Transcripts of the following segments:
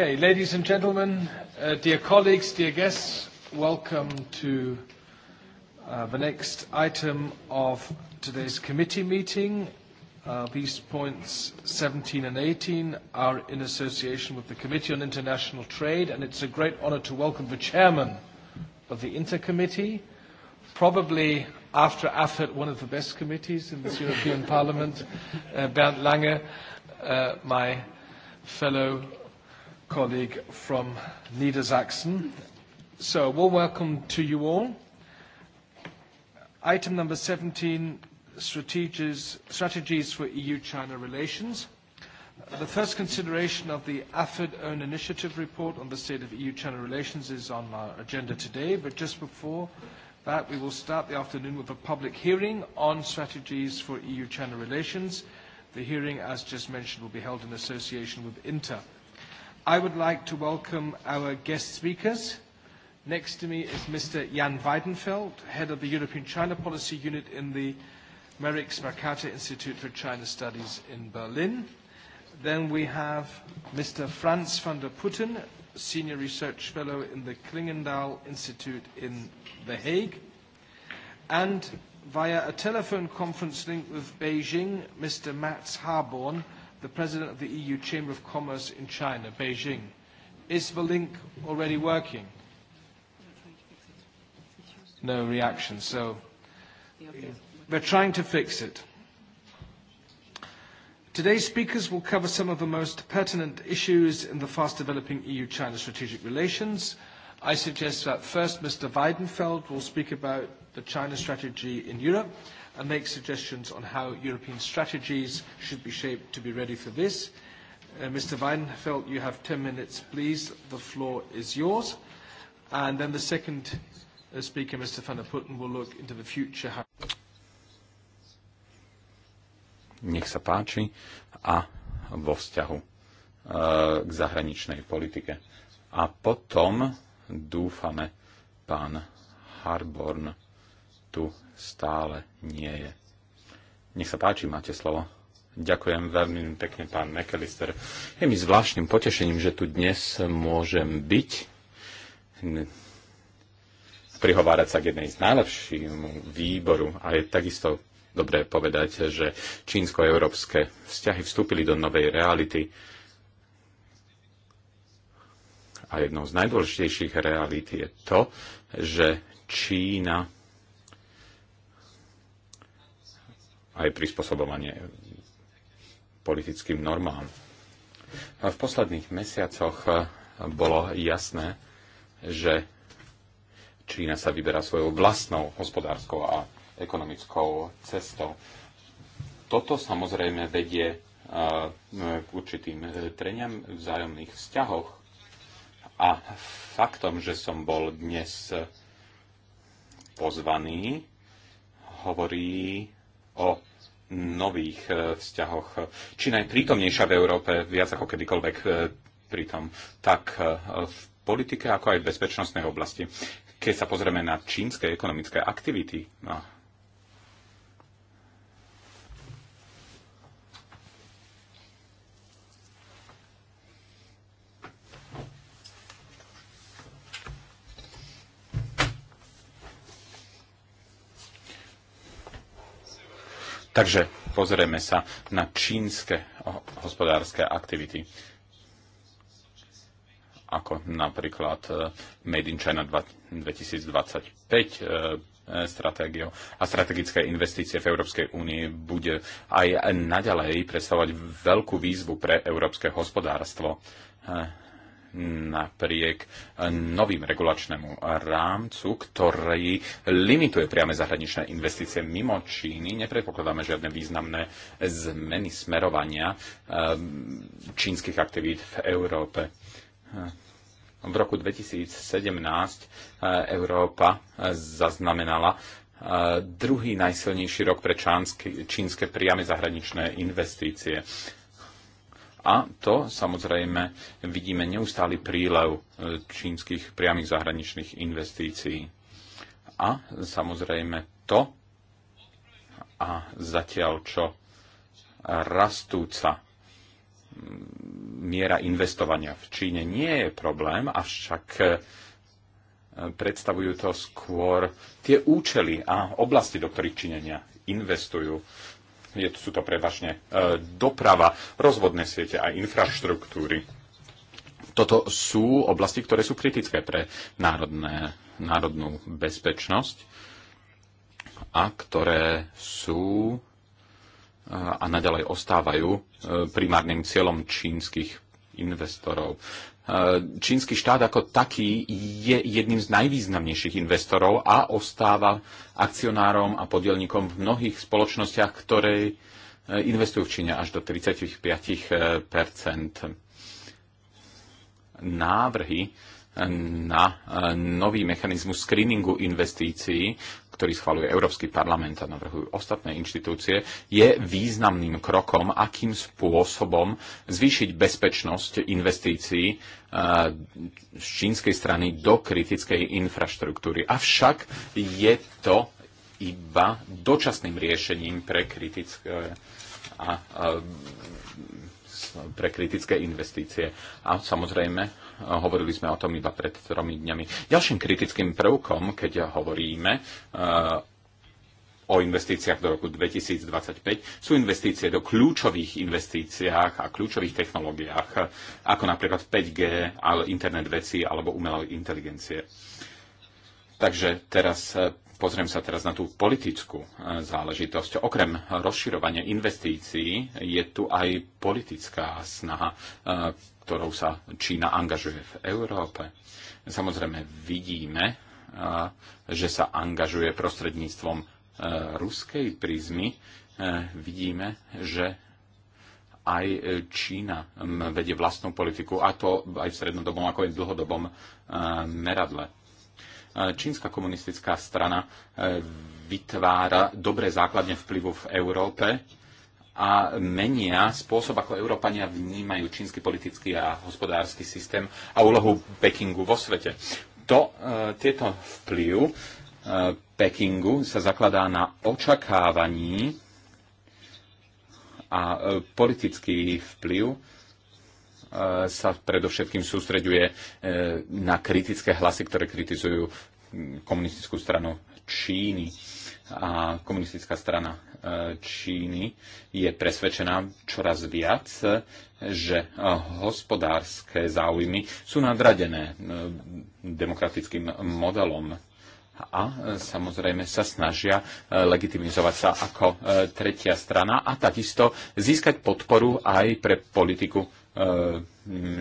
Okay, ladies and gentlemen, uh, dear colleagues, dear guests, welcome to uh, the next item of today's committee meeting. Uh, these points 17 and 18 are in association with the Committee on International Trade, and it's a great honor to welcome the chairman of the Intercommittee, probably after AFET, one of the best committees in this European Parliament, uh, Bernd Lange, uh, my fellow colleague from Niedersachsen. So, a warm welcome to you all. Item number 17, strategies, strategies for EU-China relations. The first consideration of the AFID own initiative report on the state of EU-China relations is on our agenda today, but just before that, we will start the afternoon with a public hearing on strategies for EU-China relations. The hearing, as just mentioned, will be held in association with INTA. I would like to welcome our guest speakers. Next to me is Mr. Jan Weidenfeld, head of the European China Policy Unit in the Merix Mercator Institute for China Studies in Berlin. Then we have Mr. Franz van der Putten, Senior Research Fellow in the Klingendal Institute in The Hague. And via a telephone conference link with Beijing, Mr. Mats Harborn, the President of the EU Chamber of Commerce in China, Beijing. Is the link already working? No reaction, so we're trying to fix it. Today's speakers will cover some of the most pertinent issues in the fast-developing EU-China strategic relations. I suggest that first Mr. Weidenfeld will speak about the China strategy in Europe, and make suggestions on how European strategies should be shaped to be ready for this. Uh, Mr. Weinfeld, you have 10 minutes, please. The floor is yours. And then the second uh, speaker, Mr. Van der Putten, will look into the future. How Nech sa páči. A vo vzťahu uh, k zahraničnej politike. A potom dúfame, pán Harborn tu stále nie je. Nech sa páči, máte slovo. Ďakujem veľmi pekne, pán McAllister. Je mi zvláštnym potešením, že tu dnes môžem byť, prihovárať sa k jednej z najlepších výboru a je takisto dobré povedať, že čínsko-európske vzťahy vstúpili do novej reality a jednou z najdôležitejších realít je to, že Čína aj prispôsobovanie politickým normám. v posledných mesiacoch e, bolo jasné, že Čína sa vyberá svojou vlastnou hospodárskou a ekonomickou cestou. Toto samozrejme vedie e, k určitým e, treniam vzájomných vzťahoch a faktom, že som bol dnes pozvaný, hovorí o nových e, vzťahoch. Čína je prítomnejšia v Európe viac ako kedykoľvek e, pritom, tak e, v politike ako aj v bezpečnostnej oblasti. Keď sa pozrieme na čínske ekonomické aktivity, no, Takže pozrieme sa na čínske hospodárske aktivity ako napríklad e, Made in China 2025 e, e, stratégiou a strategické investície v Európskej únii bude aj naďalej predstavovať veľkú výzvu pre európske hospodárstvo napriek novým regulačnému rámcu, ktorý limituje priame zahraničné investície mimo Číny. Nepredpokladáme žiadne významné zmeny smerovania eh, čínskych aktivít v Európe. V roku 2017 eh, Európa eh, zaznamenala druhý najsilnejší rok pre čínske priame zahraničné investície. A to samozrejme vidíme neustály prílev e, čínskych priamých zahraničných investícií. A samozrejme to, a zatiaľ čo rastúca mm, miera investovania v Číne nie je problém, avšak e, predstavujú to skôr tie účely a oblasti, do ktorých Číňania investujú je, sú to prevažne e, doprava, rozvodné siete a infraštruktúry. Toto sú oblasti, ktoré sú kritické pre národné, národnú bezpečnosť a ktoré sú e, a naďalej ostávajú e, primárnym cieľom čínskych investorov. Eh, čínsky štát ako taký je jedným z najvýznamnejších investorov a ostáva akcionárom a podielnikom v mnohých spoločnostiach, ktoré eh, investujú v Číne až do 35 Návrhy eh, na nový mechanizmus screeningu investícií ktorý schvaluje Európsky parlament a navrhujú ostatné inštitúcie, je významným krokom, akým spôsobom zvýšiť bezpečnosť investícií eh, z čínskej strany do kritickej infraštruktúry. Avšak je to iba dočasným riešením pre kritické eh, a, a eh, pre kritické investície. A samozrejme Hovorili sme o tom iba pred tromi dňami. Ďalším kritickým prvkom, keď hovoríme e, o investíciách do roku 2025 sú investície do kľúčových investíciách a kľúčových technológiách, ako napríklad 5G, internet veci alebo umelej inteligencie. Takže teraz e, Pozriem sa teraz na tú politickú e, záležitosť. Okrem rozširovania investícií je tu aj politická snaha, e, ktorou sa Čína angažuje v Európe. Samozrejme vidíme, e, že sa angažuje prostredníctvom ruskej prízmy. Vidíme, že aj Čína vedie vlastnú politiku, a to aj v strednodobom, ako aj v dlhodobom meradle E, čínska komunistická strana e, vytvára dobré základne vplyvu v Európe a menia spôsob, ako Európania vnímajú čínsky politický a hospodársky systém a úlohu Pekingu vo svete. To, e, tieto vplyv Pekingu sa zakladá na očakávaní a politický vplyv E, sa predovšetkým sústreďuje e, na kritické hlasy, ktoré kritizujú mm, komunistickú stranu Číny. A komunistická strana e, Číny je presvedčená čoraz viac, že hospodárske záujmy sú nadradené demokratickým modelom a samozrejme sa snažia legitimizovať sa ako tretia strana a takisto získať podporu aj pre politiku Eh,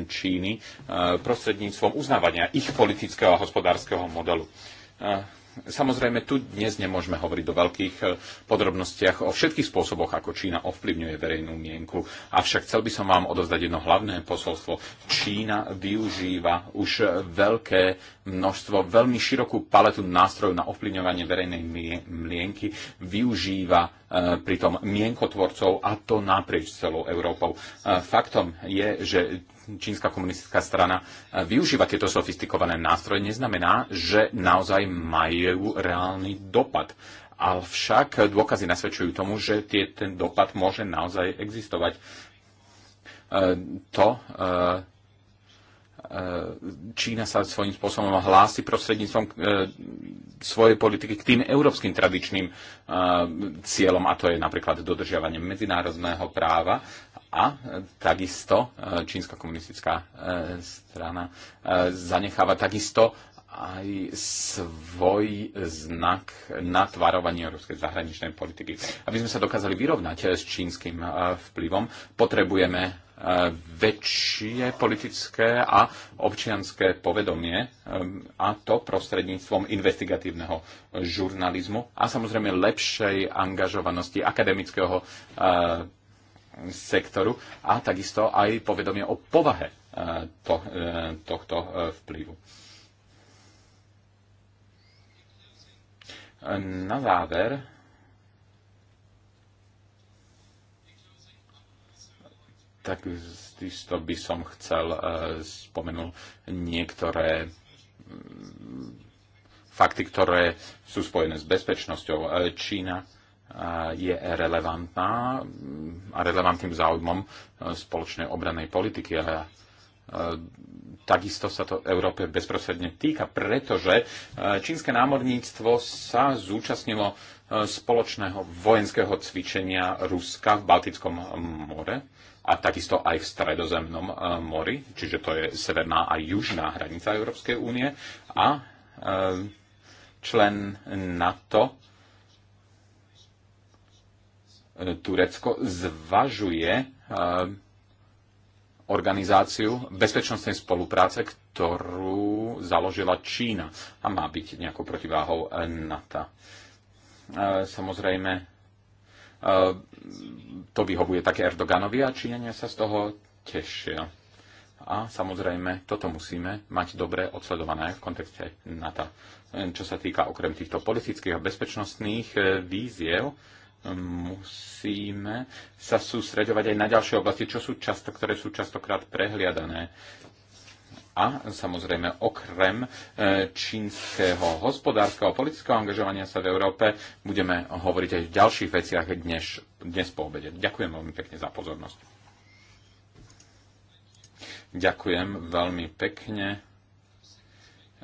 Číny eh, prostredníctvom uznávania ich politického a hospodárskeho modelu. Eh, samozrejme, tu dnes nemôžeme hovoriť do veľkých podrobnostiach o všetkých spôsoboch, ako Čína ovplyvňuje verejnú mienku. Avšak chcel by som vám odovzdať jedno hlavné posolstvo. Čína využíva už veľké množstvo, veľmi širokú paletu nástrojov na ovplyvňovanie verejnej mlienky, využíva e, pritom mienkotvorcov a to naprieč celou Európou. E, faktom je, že čínska komunistická strana e, využíva tieto sofistikované nástroje, neznamená, že naozaj majú reálny dopad. Avšak dôkazy nasvedčujú tomu, že tie, ten dopad môže naozaj existovať. To E, Čína sa svojím spôsobom hlási prostredníctvom e, svojej politiky k tým európskym tradičným e, cieľom, a to je napríklad dodržiavanie medzinárodného práva a takisto Čínska komunistická strana zanecháva takisto aj svoj znak na tvarovanie európskej zahraničnej politiky. Aby sme sa dokázali vyrovnať s čínskym vplyvom, potrebujeme E, väčšie politické a občianské povedomie e, a to prostredníctvom investigatívneho žurnalizmu a samozrejme lepšej angažovanosti akademického e, sektoru a takisto aj povedomie o povahe to, tohto vplyvu. Na záver takisto by som chcel e, spomenúť niektoré mm, fakty, ktoré sú spojené s bezpečnosťou. E, Čína e, je relevantná mm, a relevantným záujmom spoločnej obranej politiky a takisto sa to Európe bezprostredne týka, pretože čínske námorníctvo sa zúčastnilo spoločného vojenského cvičenia Ruska v Baltickom more a takisto aj v stredozemnom e, mori, čiže to je severná a južná hranica Európskej únie a e, člen NATO e, Turecko zvažuje organizáciu bezpečnostnej spolupráce, ktorú založila Čína a má byť nejakou protiváhou NATO. Samozrejme, Eh, to vyhovuje také Erdoganovi a Číňania sa z toho tešia. A samozrejme, toto musíme mať dobre odsledované v kontexte NATO. Eh, čo sa týka okrem týchto politických a bezpečnostných eh, víziev, musíme sa sústreďovať aj na ďalšie oblasti, čo sú často, ktoré sú častokrát prehliadané a samozrejme okrem e, čínskeho hospodárskeho a politického angažovania sa v Európe budeme hovoriť aj v ďalších veciach dnes, dnes po obede. Ďakujem veľmi pekne za pozornosť. Ďakujem veľmi pekne.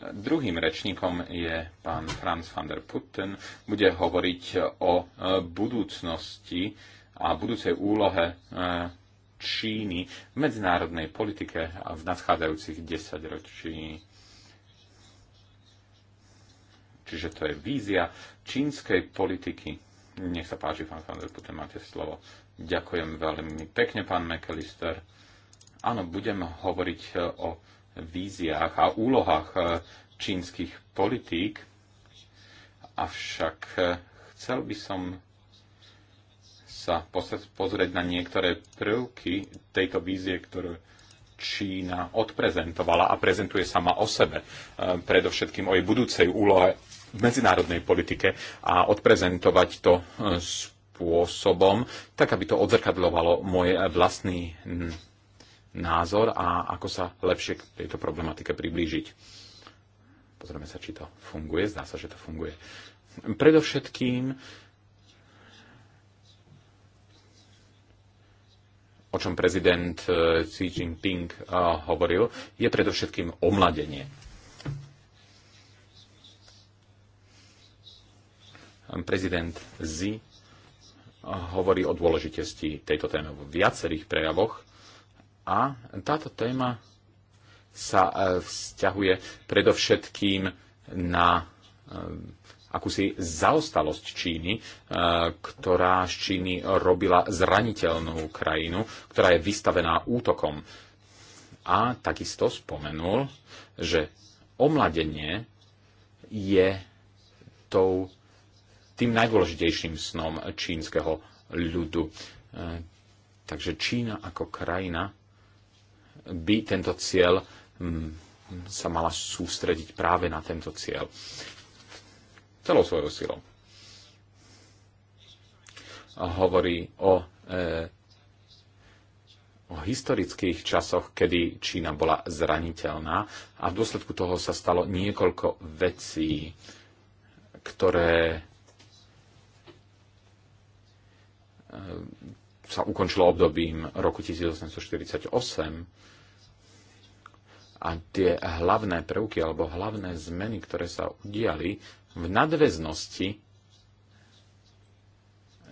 Druhým rečníkom je pán Franz van der Putten. Bude hovoriť o e, budúcnosti a budúcej úlohe e, Číny v medzinárodnej politike a v nadchádzajúcich desaťročí. Čiže to je vízia čínskej politiky. Nech sa páči, pán Fander, potom máte slovo. Ďakujem veľmi pekne, pán McAllister. Áno, budem hovoriť e, o víziách a úlohách e, čínskych politík, avšak e, chcel by som sa pozrieť na niektoré prvky tejto vízie, ktorú Čína odprezentovala a prezentuje sama o sebe, e, predovšetkým o jej budúcej úlohe v medzinárodnej politike a odprezentovať to e, spôsobom, tak aby to odzrkadlovalo môj vlastný názor a ako sa lepšie k tejto problematike priblížiť. Pozrieme sa, či to funguje. Zdá sa, že to funguje. Predovšetkým o čom prezident e, Xi Jinping e, hovoril, je predovšetkým omladenie. Prezident Xi e, hovorí o dôležitosti tejto témy v viacerých prejavoch a táto téma sa vzťahuje predovšetkým na akúsi zaostalosť Číny, e, ktorá z Číny robila zraniteľnú krajinu, ktorá je vystavená útokom. A takisto spomenul, že omladenie je tou, tým najdôležitejším snom čínskeho ľudu. E, takže Čína ako krajina by tento cieľ mm, sa mala sústrediť práve na tento cieľ celou svojou silou. A hovorí o, e, o historických časoch, kedy Čína bola zraniteľná a v dôsledku toho sa stalo niekoľko vecí, ktoré e, sa ukončilo obdobím roku 1848 a tie hlavné prvky alebo hlavné zmeny, ktoré sa udiali v nadväznosti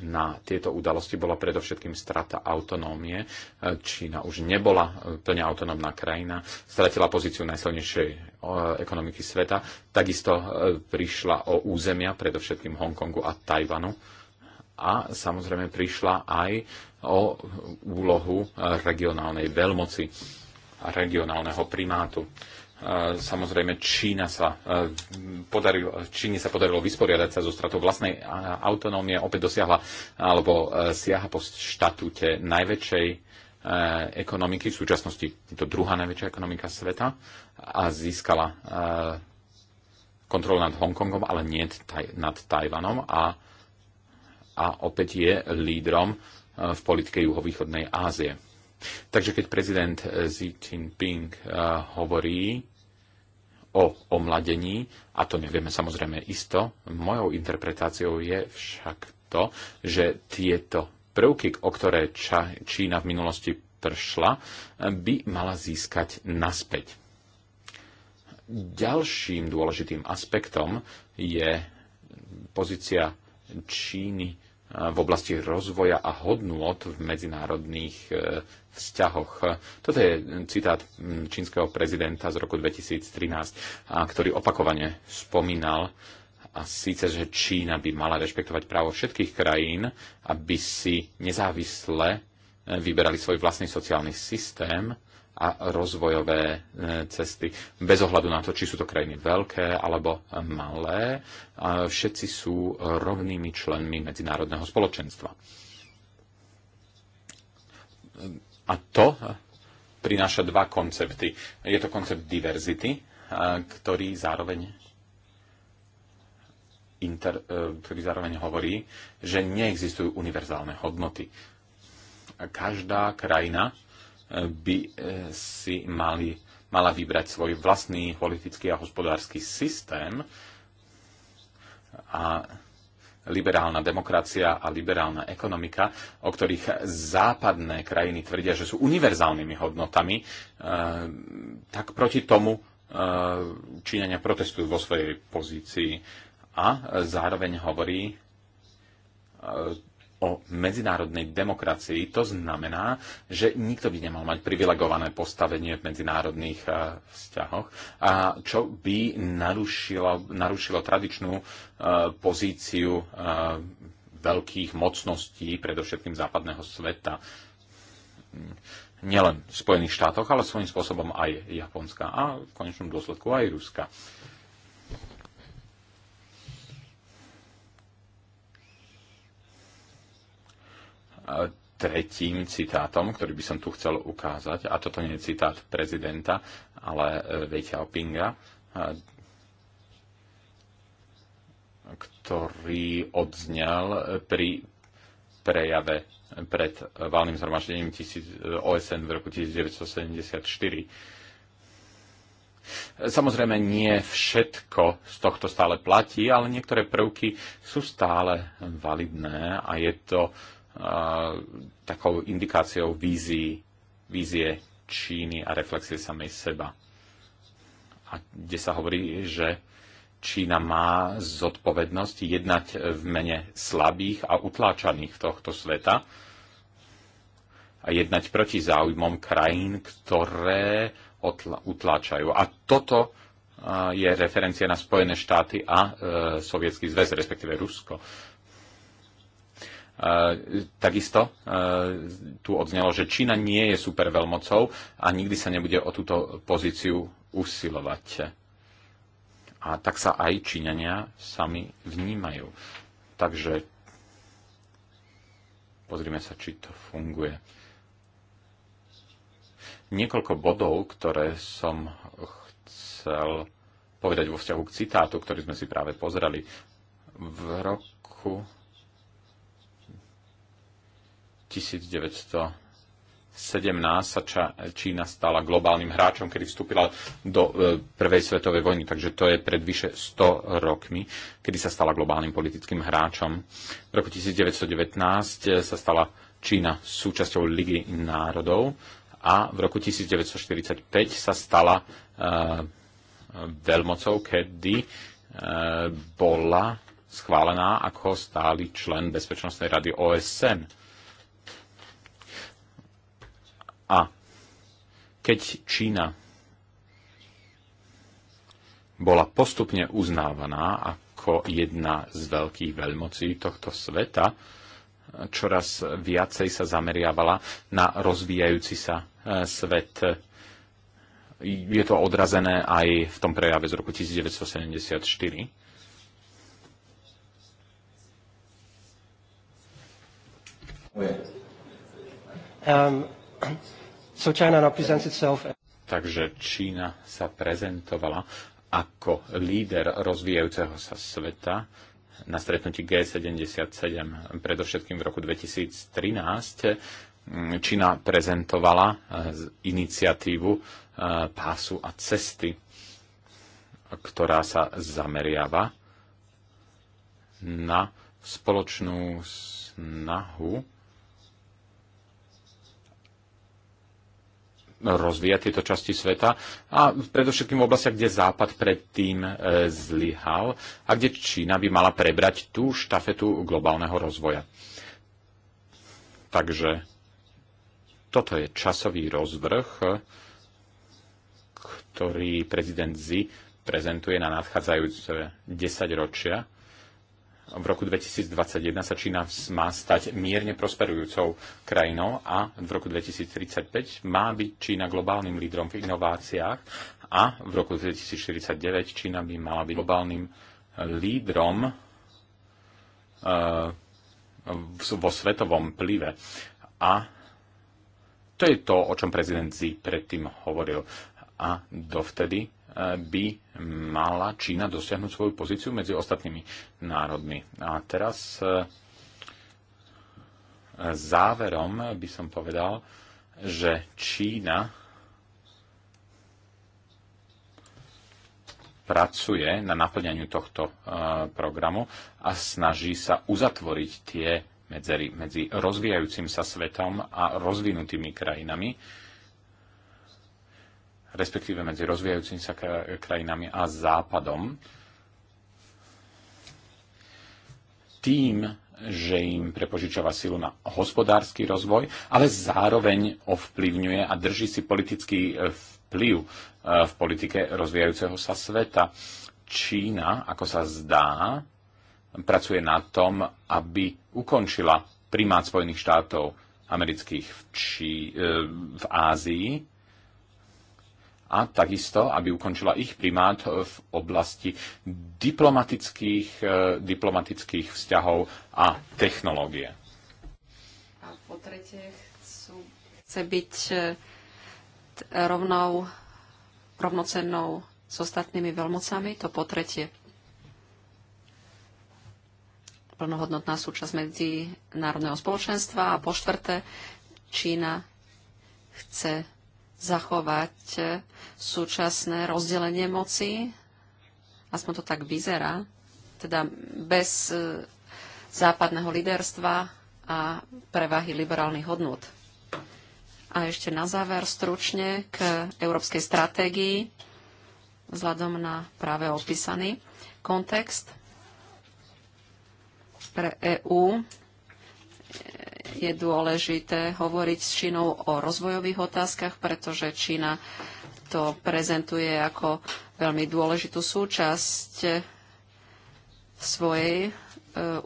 na tieto udalosti bola predovšetkým strata autonómie. E, Čína už nebola e, plne autonómna krajina, stratila pozíciu najsilnejšej e, ekonomiky sveta, takisto prišla o územia, predovšetkým Hongkongu a Tajvanu a samozrejme prišla aj o úlohu regionálnej veľmoci regionálneho primátu. Samozrejme, Čína sa podarilo, Číne sa podarilo vysporiadať sa zo stratou vlastnej autonómie, opäť dosiahla alebo e, siaha po štatúte najväčšej e, ekonomiky, v súčasnosti je to druhá najväčšia ekonomika sveta a získala e, kontrolu nad Hongkongom, ale nie nad Tajvanom a, a opäť je lídrom v politike juhovýchodnej Ázie Takže keď prezident eh, Xi Jinping eh, hovorí o omladení, a to nevieme samozrejme isto, mojou interpretáciou je však to, že tieto prvky, o ktoré Čína v minulosti pršla, eh, by mala získať naspäť. Ďalším dôležitým aspektom je pozícia Číny v oblasti rozvoja a hodnôt v medzinárodných e, vzťahoch. Toto je citát čínskeho prezidenta z roku 2013, ktorý opakovane spomínal, a síce, že Čína by mala rešpektovať právo všetkých krajín, aby si nezávisle e, vyberali svoj vlastný sociálny systém a rozvojové e, cesty. Bez ohľadu na to, či sú to krajiny veľké alebo malé, e, všetci sú rovnými členmi medzinárodného spoločenstva. A to e, prináša dva koncepty. Je to koncept diverzity, ktorý zároveň inter, ktorý zároveň hovorí, že neexistujú univerzálne hodnoty. Každá krajina by e, si mali, mala vybrať svoj vlastný politický a hospodársky systém a liberálna demokracia a liberálna ekonomika, o ktorých západné krajiny tvrdia, že sú univerzálnymi hodnotami, e, tak proti tomu e, Číňania protestujú vo svojej pozícii a zároveň hovorí o medzinárodnej demokracii. To znamená, že nikto by nemal mať privilegované postavenie v medzinárodných eh, vzťahoch, a čo by narušilo, narušilo tradičnú eh, pozíciu eh, veľkých mocností, predovšetkým západného sveta nielen v Spojených štátoch, ale svojím spôsobom aj Japonska a v konečnom dôsledku aj Ruska. tretím citátom, ktorý by som tu chcel ukázať, a toto nie je citát prezidenta, ale Vejťa Opinga, e, ktorý odznel pri prejave pred valným zhromaždením e, OSN v roku 1974. Samozrejme, nie všetko z tohto stále platí, ale niektoré prvky sú stále validné a je to takou indikáciou vízie, vízie Číny a reflexie samej seba. A kde sa hovorí, že Čína má zodpovednosť jednať v mene slabých a utláčaných tohto sveta a jednať proti záujmom krajín, ktoré utláčajú. A toto je referencia na Spojené štáty a e, Sovietský zväz, respektíve Rusko. E, takisto e, tu odznelo, že Čína nie je superveľmocou a nikdy sa nebude o túto pozíciu usilovať. A tak sa aj Číňania sami vnímajú. Takže pozrime sa, či to funguje. Niekoľko bodov, ktoré som chcel povedať vo vzťahu k citátu, ktorý sme si práve pozreli. V roku 1917 sa Čína stala globálnym hráčom, kedy vstúpila do e, Prvej svetovej vojny. Takže to je pred vyše 100 rokmi, kedy sa stala globálnym politickým hráčom. V roku 1919 e, sa stala Čína súčasťou Ligy národov a v roku 1945 sa stala e, veľmocou, kedy bola schválená ako stály člen Bezpečnostnej rady OSN A keď Čína bola postupne uznávaná ako jedna z veľkých veľmocí tohto sveta, čoraz viacej sa zameriavala na rozvíjajúci sa e, svet. Je to odrazené aj v tom prejave z roku 1974. Um, so China now presents itself... Takže Čína sa prezentovala ako líder rozvíjajúceho sa sveta na stretnutí G77 predovšetkým v roku 2013. Mm, Čína prezentovala eh, iniciatívu eh, pásu a cesty, ktorá sa zameriava na spoločnú snahu rozvíjať tieto časti sveta a predovšetkým v oblastiach, kde Západ predtým e, zlyhal a kde Čína by mala prebrať tú štafetu globálneho rozvoja. Takže toto je časový rozvrh, ktorý prezident Xi prezentuje na nadchádzajúce 10 ročia v roku 2021 sa Čína má stať mierne prosperujúcou krajinou a v roku 2035 má byť Čína globálnym lídrom v inováciách a v roku 2049 Čína by mala byť globálnym eh, lídrom eh, vo svetovom plive. A to je to, o čom prezident Xi predtým hovoril. A dovtedy by mala Čína dosiahnuť svoju pozíciu medzi ostatnými národmi. A teraz e, záverom by som povedal, že Čína pracuje na naplňaniu tohto e, programu a snaží sa uzatvoriť tie medzery medzi rozvíjajúcim sa svetom a rozvinutými krajinami respektíve medzi rozvíjajúcimi sa krajinami a západom, tým, že im prepožičava silu na hospodársky rozvoj, ale zároveň ovplyvňuje a drží si politický e, vplyv e, v politike rozvíjajúceho sa sveta. Čína, ako sa zdá, pracuje na tom, aby ukončila primát Spojených štátov amerických v, Čí, e, v Ázii a takisto, aby ukončila ich primát eh, v oblasti diplomatických, eh, diplomatických vzťahov a technológie. A po tretie, chcú, chce byť eh, rovnou, rovnocennou s ostatnými veľmocami, to po tretie plnohodnotná súčasť medzinárodného spoločenstva a po štvrté Čína chce zachovať súčasné rozdelenie moci. Aspoň to tak vyzerá. Teda bez e, západného liderstva a prevahy liberálnych hodnot. A ešte na záver stručne k európskej stratégii vzhľadom na práve opísaný kontext pre EÚ je dôležité hovoriť s Čínou o rozvojových otázkach, pretože Čína to prezentuje ako veľmi dôležitú súčasť svojej e,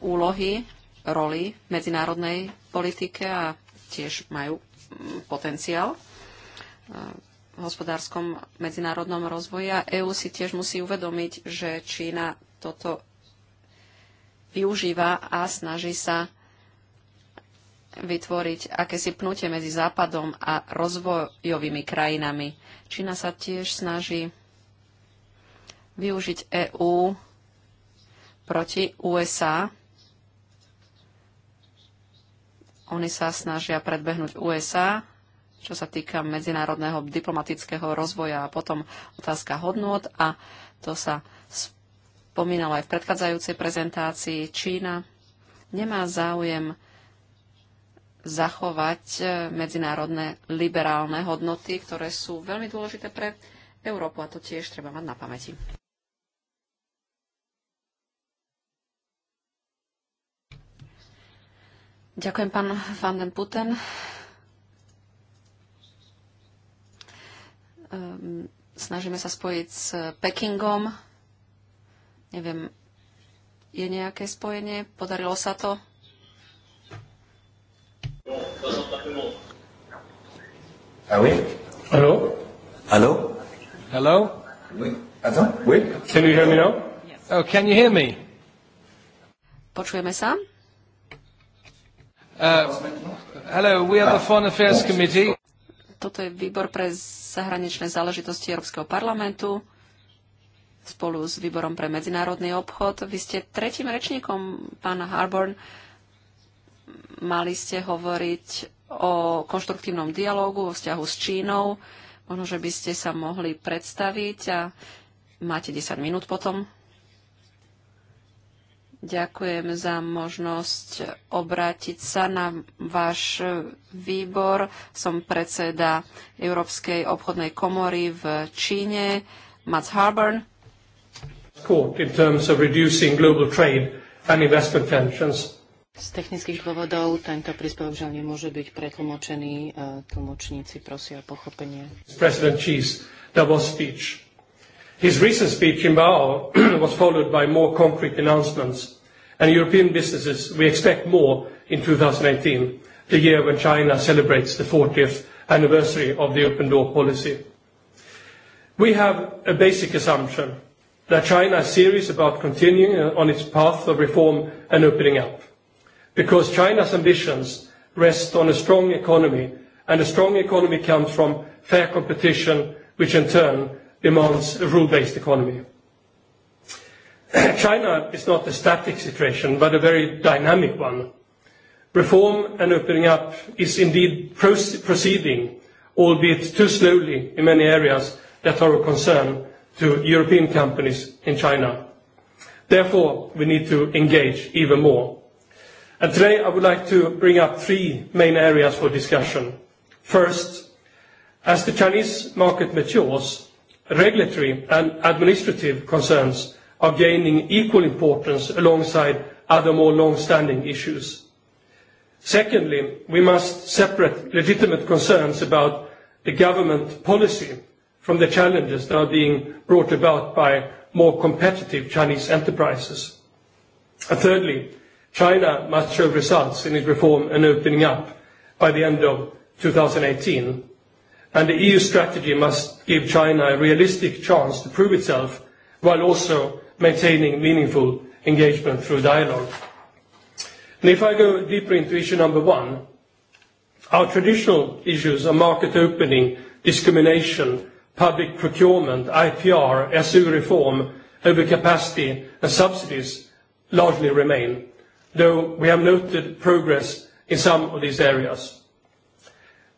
úlohy, roli v medzinárodnej politike a tiež majú mm, potenciál e, v hospodárskom medzinárodnom rozvoji a EÚ si tiež musí uvedomiť, že Čína toto využíva a snaží sa vytvoriť akési pnutie medzi Západom a rozvojovými krajinami. Čína sa tiež snaží využiť EÚ proti USA. Oni sa snažia predbehnúť USA, čo sa týka medzinárodného diplomatického rozvoja a potom otázka hodnôt a to sa spomínalo aj v predchádzajúcej prezentácii. Čína nemá záujem zachovať e, medzinárodné liberálne hodnoty, ktoré sú veľmi dôležité pre Európu a to tiež treba mať na pamäti. Ďakujem, pán Van den Putten. Ehm, snažíme sa spojiť s Pekingom. Neviem, je nejaké spojenie? Podarilo sa to? Ah oui Allô Allô Hello Oui. Attends, oui. Can you hear me now? Yes. Oh, can you hear me? Počujeme sa? Uh, hello, we are the ah. Foreign Affairs Committee. Toto je výbor pre zahraničné záležitosti Európskeho parlamentu spolu s výborom pre medzinárodný obchod. Vy ste tretím rečníkom, pán Harborn. Uh, Mali ste hovoriť o konštruktívnom dialógu o vzťahu s Čínou. Možno, že by ste sa mohli predstaviť a máte 10 minút potom. Ďakujem za možnosť obrátiť sa na váš výbor. Som predseda Európskej obchodnej komory v Číne, Mats Harburn. Court in terms of reducing global trade and investment tensions z technických dôvodov tento príspevok žiaľ nemôže byť pretlmočený. E, tlmočníci prosia o pochopenie. President Xi's double speech. His recent speech in Bao was followed by more concrete announcements. And European businesses, we expect more in 2018, the year when China celebrates the 40th anniversary of the open door policy. We have a basic assumption that China is serious about continuing on its path of reform and opening up because China's ambitions rest on a strong economy, and a strong economy comes from fair competition, which in turn demands a rule-based economy. China is not a static situation, but a very dynamic one. Reform and opening up is indeed proceeding, albeit too slowly in many areas that are of concern to European companies in China. Therefore, we need to engage even more. And today I would like to bring up three main areas for discussion. First, as the Chinese market matures, regulatory and administrative concerns are gaining equal importance alongside other more long-standing issues. Secondly, we must separate legitimate concerns about the government policy from the challenges that are being brought about by more competitive Chinese enterprises. And thirdly, China must show results in its reform and opening up by the end of 2018, and the EU strategy must give China a realistic chance to prove itself while also maintaining meaningful engagement through dialogue. And if I go deeper into issue number one, our traditional issues are market opening, discrimination, public procurement, IPR, SU reform, overcapacity, and subsidies largely remain though we have noted progress in some of these areas.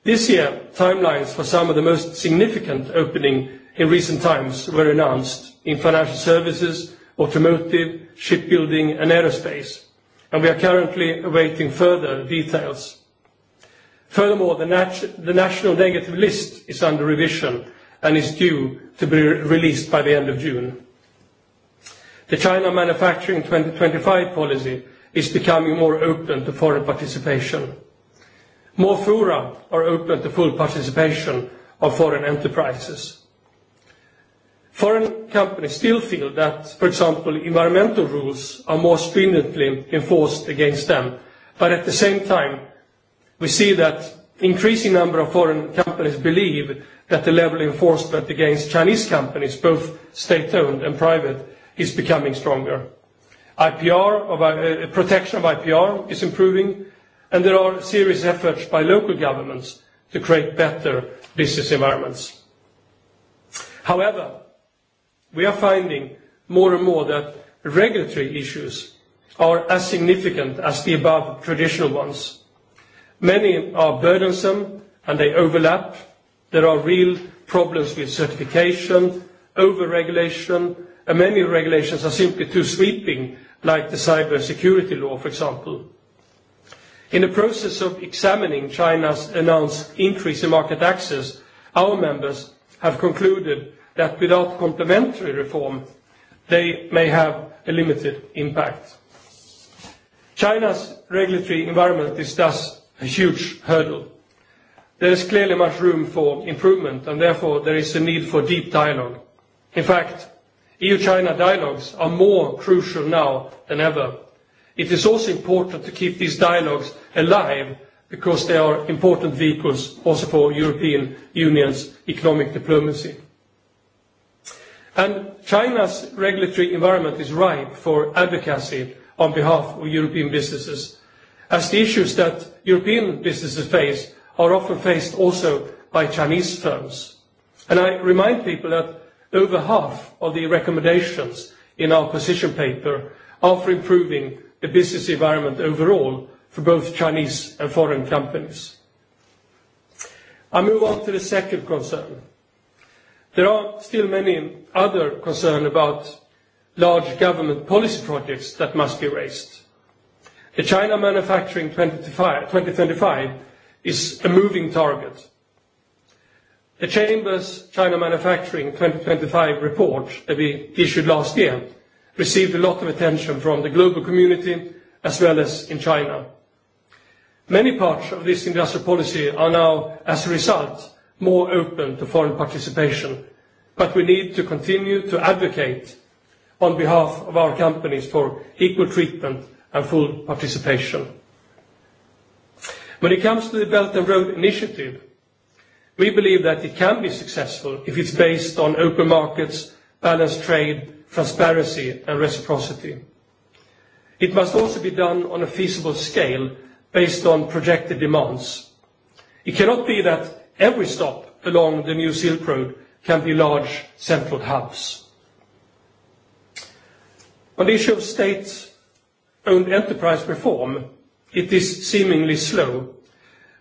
This year, timelines for some of the most significant opening in recent times were announced in financial services, automotive, shipbuilding, and aerospace, and we are currently awaiting further details. Furthermore, the nat the national negative list is under revision and is due to be re released by the end of June. The China Manufacturing 2025 policy is becoming more open to foreign participation. More fora are open to full participation of foreign enterprises. Foreign companies still feel that, for example, environmental rules are more stringently enforced against them. But at the same time, we see that increasing number of foreign companies believe that the level of enforcement against Chinese companies, both state-owned and private, is becoming stronger. IPR uh, uh, protection of IPR is improving, and there are serious efforts by local governments to create better business environments. However, we are finding more and more that regulatory issues are as significant as the above traditional ones. Many are burdensome, and they overlap. There are real problems with certification, over-regulation, and many regulations are simply too sweeping like the cybersecurity law, for example. In the process of examining China's announced increase in market access, our members have concluded that without complementary reform, they may have a limited impact. China's regulatory environment is thus a huge hurdle. There is clearly much room for improvement, and therefore there is a need for deep dialogue. In fact, EU-China dialogues are more crucial now than ever. It is also important to keep these dialogues alive because they are important vehicles also for European Union's economic diplomacy. And China's regulatory environment is ripe for advocacy on behalf of European businesses, as the issues that European businesses face are often faced also by Chinese firms. And I remind people that Over half of the recommendations in our position paper are for improving the business environment overall for both Chinese and foreign companies. I move on to the second concern. There are still many other concerns about large government policy projects that must be raised. The China Manufacturing 2025 is a moving target The Chamber's China Manufacturing 2025 report that we issued last year received a lot of attention from the global community as well as in China. Many parts of this industrial policy are now, as a result, more open to foreign participation, but we need to continue to advocate on behalf of our companies for equal treatment and full participation. When it comes to the Belt and Road Initiative, We believe that it can be successful if it's based on open markets, balanced trade, transparency, and reciprocity. It must also be done on a feasible scale based on projected demands. It cannot be that every stop along the new Silk Road can be large central hubs. On the issue of state-owned enterprise reform, it is seemingly slow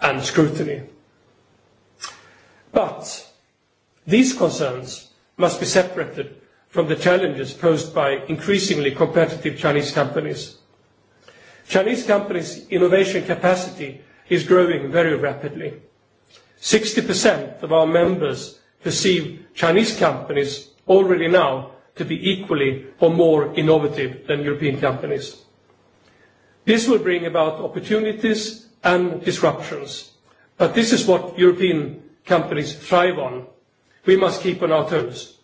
and scrutiny. But these concerns must be separated from the challenges posed by increasingly competitive Chinese companies. Chinese companies' innovation capacity is growing very rapidly. 60% of our members perceive Chinese companies already now to be equally or more innovative than European companies. This will bring about opportunities and disruptions. But this is what European companies thrive on. We must keep on our toes.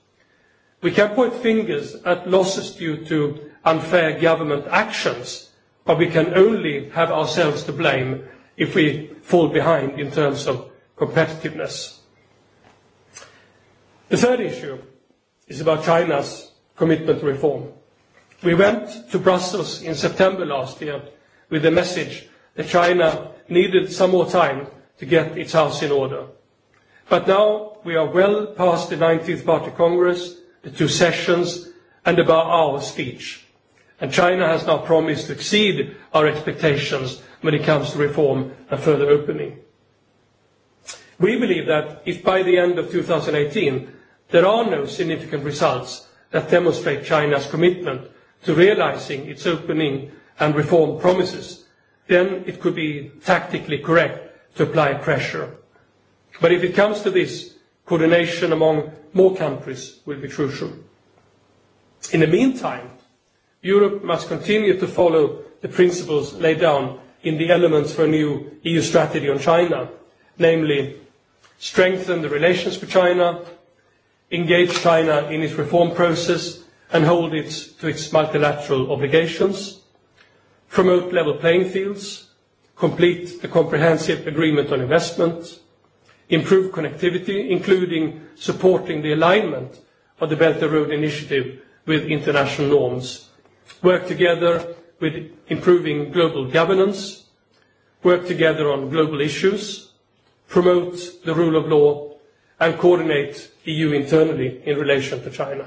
We can point fingers at losses due to unfair government actions, but we can only have ourselves to blame if we fall behind in terms of competitiveness. The third issue is about China's commitment to reform. We went to Brussels in September last year with the message that China needed some more time to get its house in order. But now we are well past the 19th Party Congress, the two sessions, and about our speech. And China has now promised to exceed our expectations when it comes to reform and further opening. We believe that if by the end of 2018 there are no significant results that demonstrate China's commitment to realizing its opening and reform promises, then it could be tactically correct to apply pressure. But if it comes to this, coordination among more countries will be crucial. In the meantime, Europe must continue to follow the principles laid down in the elements for a new EU strategy on China, namely strengthen the relations with China, engage China in its reform process, and hold it to its multilateral obligations, promote level playing fields, complete the comprehensive agreement on investment, improve connectivity, including supporting the alignment of the Belt and Road Initiative with international norms, work together with improving global governance, work together on global issues, promote the rule of law, and coordinate EU internally in relation to China.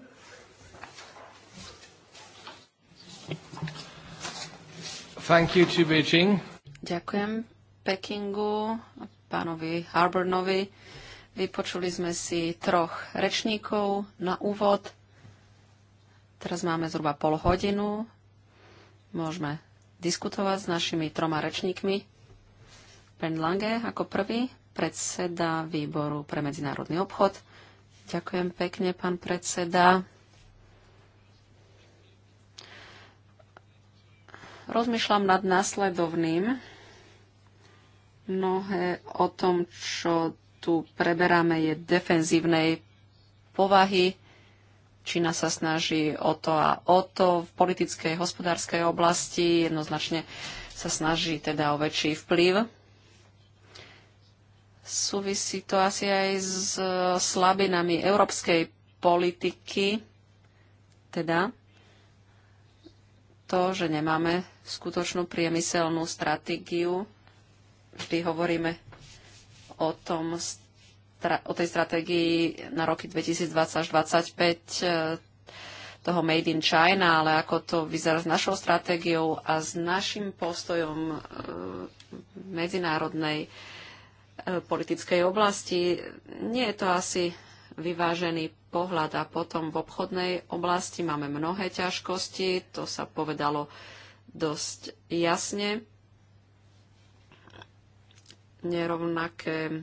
Thank you to Beijing. Ďakujem Pekingu, pánovi Harbornovi. Vypočuli sme si troch rečníkov na úvod. Teraz máme zhruba pol hodinu. Môžeme diskutovať s našimi troma rečníkmi. Ben Lange ako prvý, predseda výboru pre medzinárodný obchod. Ďakujem pekne, pán predseda. rozmýšľam nad následovným. Mnohé o tom, čo tu preberáme, je defenzívnej povahy. Čína sa snaží o to a o to v politickej, hospodárskej oblasti. Jednoznačne sa snaží teda o väčší vplyv. Súvisí to asi aj s slabinami európskej politiky, teda to, že nemáme skutočnú priemyselnú stratégiu. Vždy hovoríme o, tom, o tej stratégii na roky 2020 až 2025 e, toho Made in China, ale ako to vyzerá s našou stratégiou a s našim postojom e, medzinárodnej e, politickej oblasti, nie je to asi vyvážený pohľad. A potom v obchodnej oblasti máme mnohé ťažkosti, to sa povedalo dosť jasne. Nerovnaké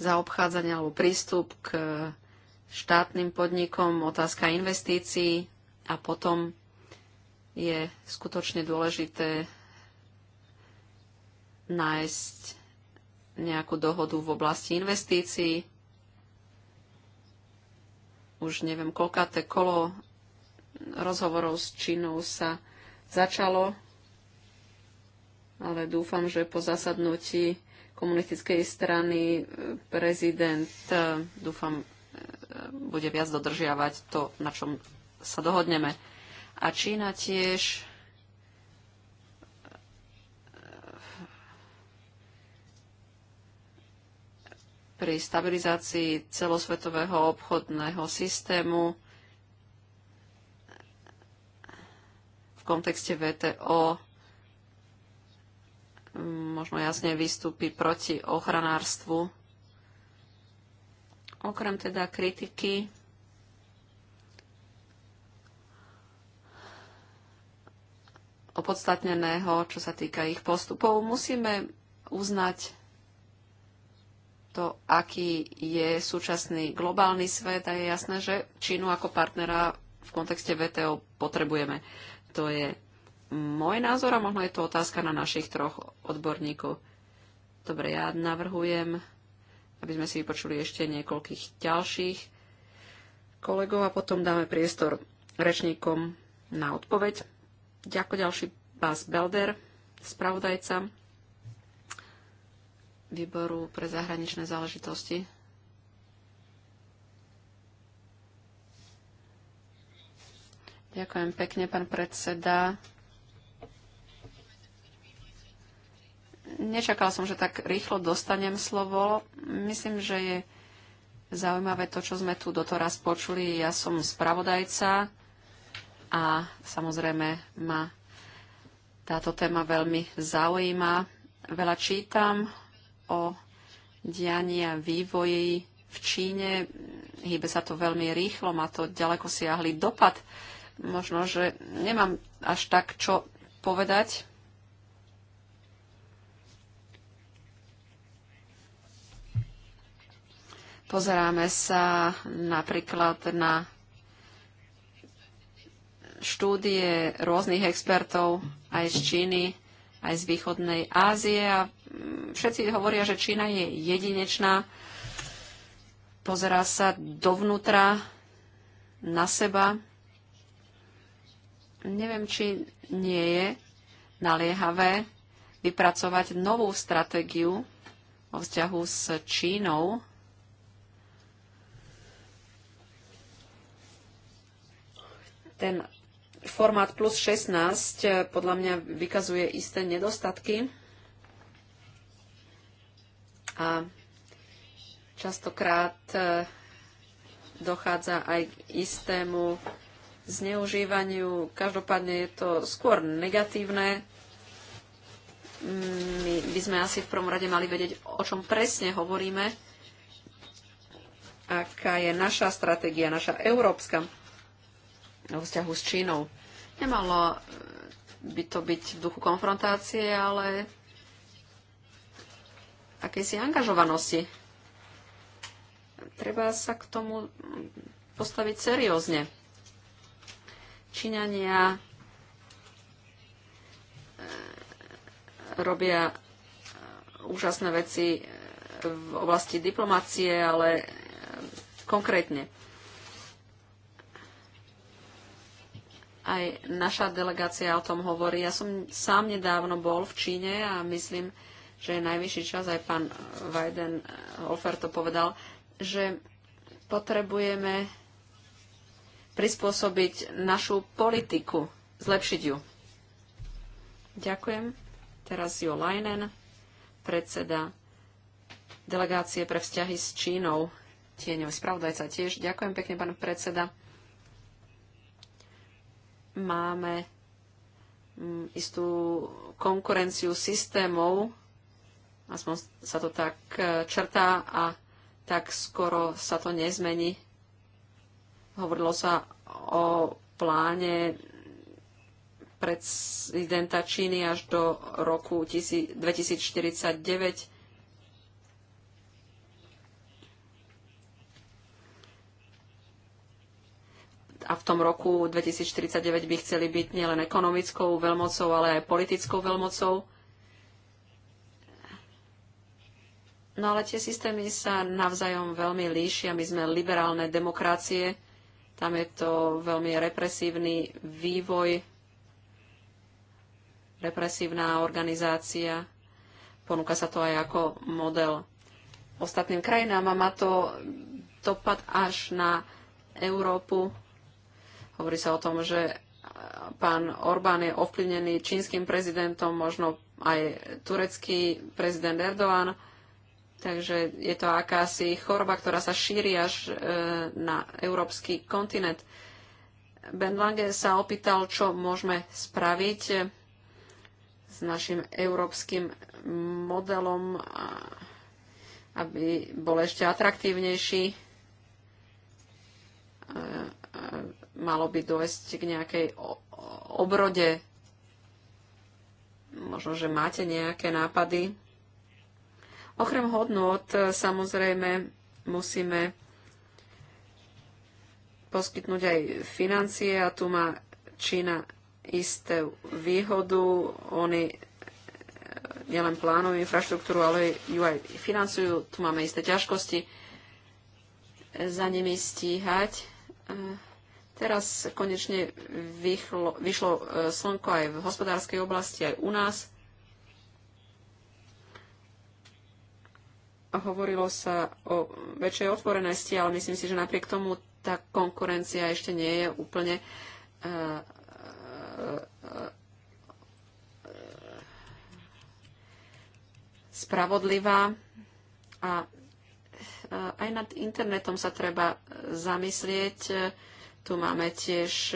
zaobchádzanie alebo prístup k štátnym podnikom, otázka investícií a potom je skutočne dôležité nájsť nejakú dohodu v oblasti investícií. Už neviem, koľká kolo rozhovorov s Čínou sa začalo, ale dúfam, že po zasadnutí komunistickej strany e, prezident, e, dúfam, e, bude viac dodržiavať to, na čom sa dohodneme. A Čína tiež pri stabilizácii celosvetového obchodného systému v kontexte VTO možno jasne vystúpi proti ochranárstvu. Okrem teda kritiky opodstatneného, čo sa týka ich postupov, musíme uznať to, aký je súčasný globálny svet a je jasné, že Čínu ako partnera v kontexte VTO potrebujeme. To je môj názor a možno je to otázka na našich troch odborníkov. Dobre, ja navrhujem, aby sme si vypočuli ešte niekoľkých ďalších kolegov a potom dáme priestor rečníkom na odpoveď. Ďakujem ďalší Bas Belder, spravodajca výboru pre zahraničné záležitosti. Ďakujem pekne, pán predseda. Nečakala som, že tak rýchlo dostanem slovo. Myslím, že je zaujímavé to, čo sme tu doteraz počuli. Ja som spravodajca a samozrejme ma táto téma veľmi zaujíma. Veľa čítam o dianí a vývoji v Číne. Hýbe sa to veľmi rýchlo, má to ďaleko siahly dopad. Možno, že nemám až tak čo povedať. Pozeráme sa napríklad na štúdie rôznych expertov aj z Číny, aj z východnej Ázie a všetci hovoria, že Čína je jedinečná, pozerá sa dovnútra na seba. Neviem, či nie je naliehavé vypracovať novú stratégiu vo vzťahu s Čínou. Ten formát plus 16 eh, podľa mňa vykazuje isté nedostatky. A častokrát e, dochádza aj k istému zneužívaniu. Každopádne je to skôr negatívne. My by sme asi v prvom rade mali vedieť, o čom presne hovoríme, aká je naša stratégia, naša európska vo vzťahu s Čínou. Nemalo e, by to byť v duchu konfrontácie, ale si angažovanosti. Treba sa k tomu postaviť seriózne. Číňania eh, robia eh, úžasné veci eh, v oblasti diplomácie, ale konkrétne. Aj naša delegácia o tom hovorí. Ja som sám nedávno bol v Číne a myslím, že je najvyšší čas, aj pán Vajden eh, Ofer to povedal, že potrebujeme prispôsobiť našu politiku, zlepšiť ju. Ďakujem. Teraz Jo Leinen, predseda delegácie pre vzťahy s Čínou, tieňov spravodajca tiež. Ďakujem pekne, pán predseda. Máme mm, istú konkurenciu systémov Aspoň sa to tak e, črtá a tak skoro sa to nezmení. Hovorilo sa o pláne prezidenta Číny až do roku 2049. A v tom roku 2049 by chceli byť nielen ekonomickou veľmocou, ale aj politickou veľmocou. No ale tie systémy sa navzájom veľmi líšia. My sme liberálne demokracie, tam je to veľmi represívny vývoj, represívna organizácia. Ponúka sa to aj ako model ostatným krajinám a má to dopad až na Európu. Hovorí sa o tom, že pán Orbán je ovplyvnený čínskym prezidentom, možno aj turecký prezident Erdoğan Takže je to akási choroba, ktorá sa šíri až e, na európsky kontinent. Ben Lange sa opýtal, čo môžeme spraviť e, s našim európskym modelom, aby bol ešte atraktívnejší. E, malo by dojsť k nejakej obrode. Možno, že máte nejaké nápady. Okrem hodnot e, samozrejme musíme poskytnúť aj financie a tu má Čína isté výhodu. Oni e, nielen plánujú infraštruktúru, ale ju aj financujú. Tu máme isté ťažkosti za nimi stíhať. E, teraz konečne vyšlo slnko aj v hospodárskej oblasti, aj u nás. hovorilo sa o väčšej otvorenosti, ale myslím si, že napriek tomu tá konkurencia ešte nie je úplne eh, eh, eh, spravodlivá a aj nad internetom sa treba zamyslieť. Tu máme tiež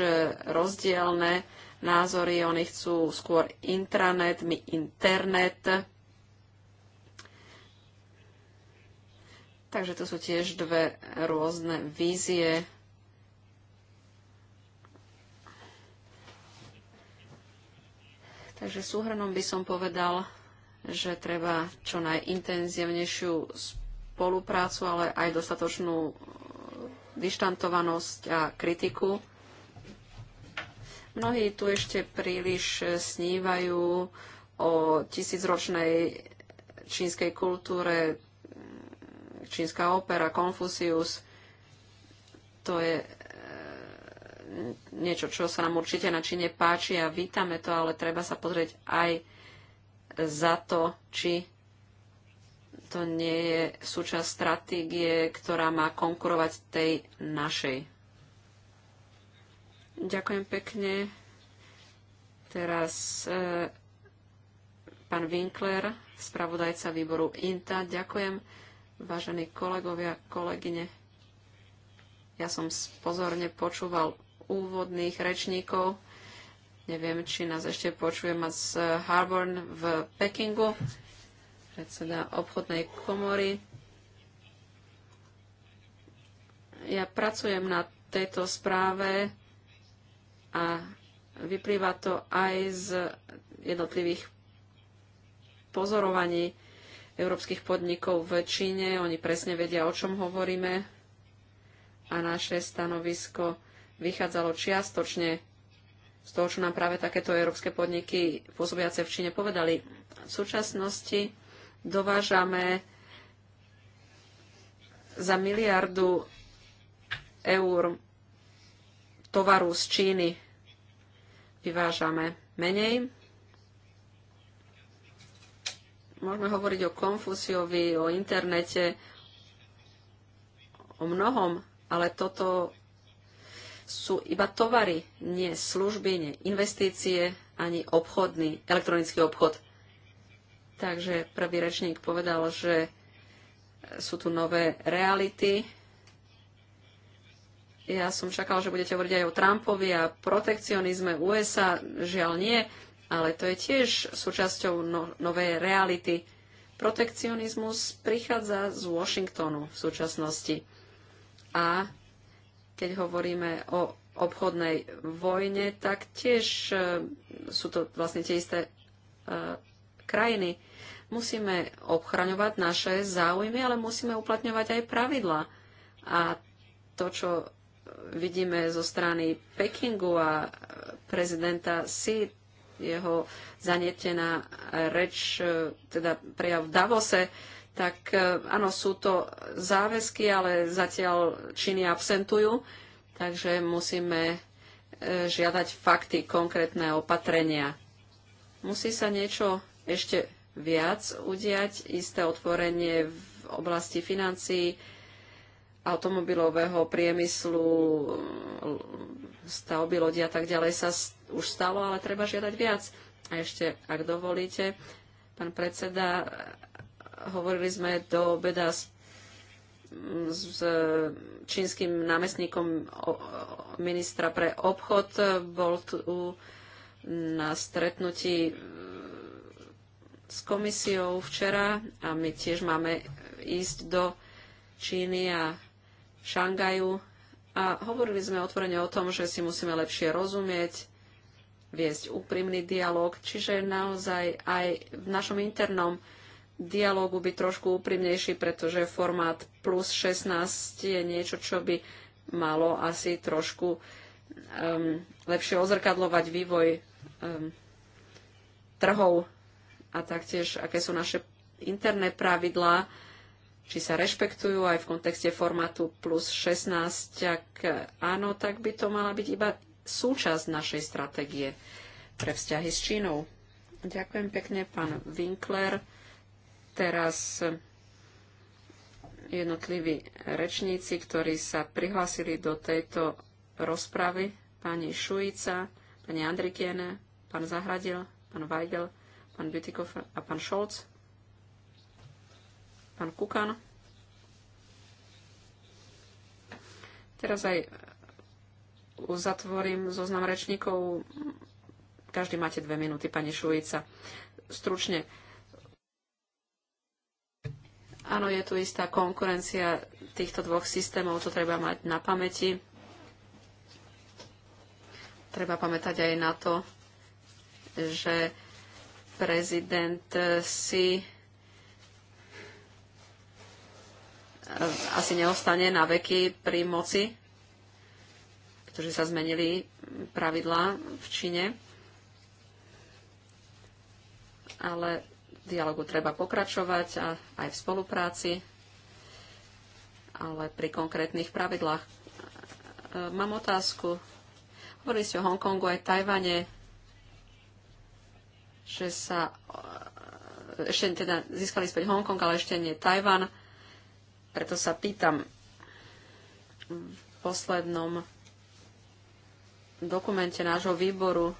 rozdielne názory, oni chcú skôr intranet, my internet Takže to sú tiež dve rôzne vízie. Takže súhrnom by som povedal, že treba čo najintenzívnejšiu spoluprácu, ale aj dostatočnú e, dištantovanosť a kritiku. Mnohí tu ešte príliš snívajú o tisícročnej čínskej kultúre čínska opera Konfusius To je e, niečo, čo sa nám určite na Číne páči a vítame to, ale treba sa pozrieť aj za to, či to nie je súčasť stratégie, ktorá má konkurovať tej našej. Ďakujem pekne. Teraz e, pán Winkler, spravodajca výboru INTA. Ďakujem. Vážení kolegovia, kolegyne, ja som pozorne počúval úvodných rečníkov. Neviem, či nás ešte počuje mať z Harborn v Pekingu, predseda obchodnej komory. Ja pracujem na tejto správe a vyplýva to aj z jednotlivých pozorovaní európskych podnikov v Číne. Oni presne vedia, o čom hovoríme. A naše stanovisko vychádzalo čiastočne z toho, čo nám práve takéto európske podniky pôsobiace v Číne povedali. V súčasnosti dovážame za miliardu eur tovaru z Číny. Vyvážame menej Môžeme hovoriť o Konfusiovi, o internete, o mnohom, ale toto sú iba tovary, nie služby, nie investície, ani obchodný, elektronický obchod. Takže prvý rečník povedal, že sú tu nové reality. Ja som čakal, že budete hovoriť aj o Trumpovi a protekcionizme USA. Žiaľ nie ale to je tiež súčasťou no, novej reality. Protekcionizmus prichádza z Washingtonu v súčasnosti. A keď hovoríme o obchodnej vojne, tak tiež uh, sú to vlastne tie isté uh, krajiny. Musíme obchraňovať naše záujmy, ale musíme uplatňovať aj pravidla. A to, čo vidíme zo strany Pekingu a prezidenta Xi, jeho zanietená reč, e, teda prejav v Davose, tak e, áno, sú to záväzky, ale zatiaľ činy absentujú, takže musíme e, žiadať fakty, konkrétne opatrenia. Musí sa niečo ešte viac udiať, isté otvorenie v oblasti financií, automobilového priemyslu, stavby lodi a tak ďalej sa už stalo, ale treba žiadať viac. A ešte, ak dovolíte, pán predseda, hovorili sme do obeda s, s čínskym námestníkom ministra pre obchod. Bol tu na stretnutí s komisiou včera a my tiež máme ísť do Číny a Šangaju. A hovorili sme otvorene o tom, že si musíme lepšie rozumieť, viesť úprimný dialog, čiže naozaj aj v našom internom dialogu by trošku úprimnejší, pretože formát plus 16 je niečo, čo by malo asi trošku um, lepšie ozrkadlovať vývoj um, trhov a taktiež, aké sú naše interné pravidlá, či sa rešpektujú aj v kontexte formátu plus 16, ak áno, tak by to mala byť iba súčasť našej stratégie pre vzťahy s Čínou. Ďakujem pekne, pán Winkler. Teraz jednotliví rečníci, ktorí sa prihlásili do tejto rozpravy. Pani Šujica, pani Andrikiene, pán Zahradil, pán Weigel, pán Bytikov a pán Šolc. Pán Kukan. Teraz aj uzatvorím zoznam rečníkov. Každý máte dve minúty, pani Šujica. Stručne. Áno, je tu istá konkurencia týchto dvoch systémov, to treba mať na pamäti. Treba pamätať aj na to, že prezident si eh, asi neostane na veky pri moci pretože sa zmenili mm, pravidlá v Číne. Ale dialogu treba pokračovať a aj v spolupráci, ale pri konkrétnych pravidlách. E, mám otázku. Hovorili ste o Hongkongu aj Tajvane, že sa e, ešte teda získali späť Hongkong, ale ešte nie Tajvan. Preto sa pýtam v poslednom dokumente nášho výboru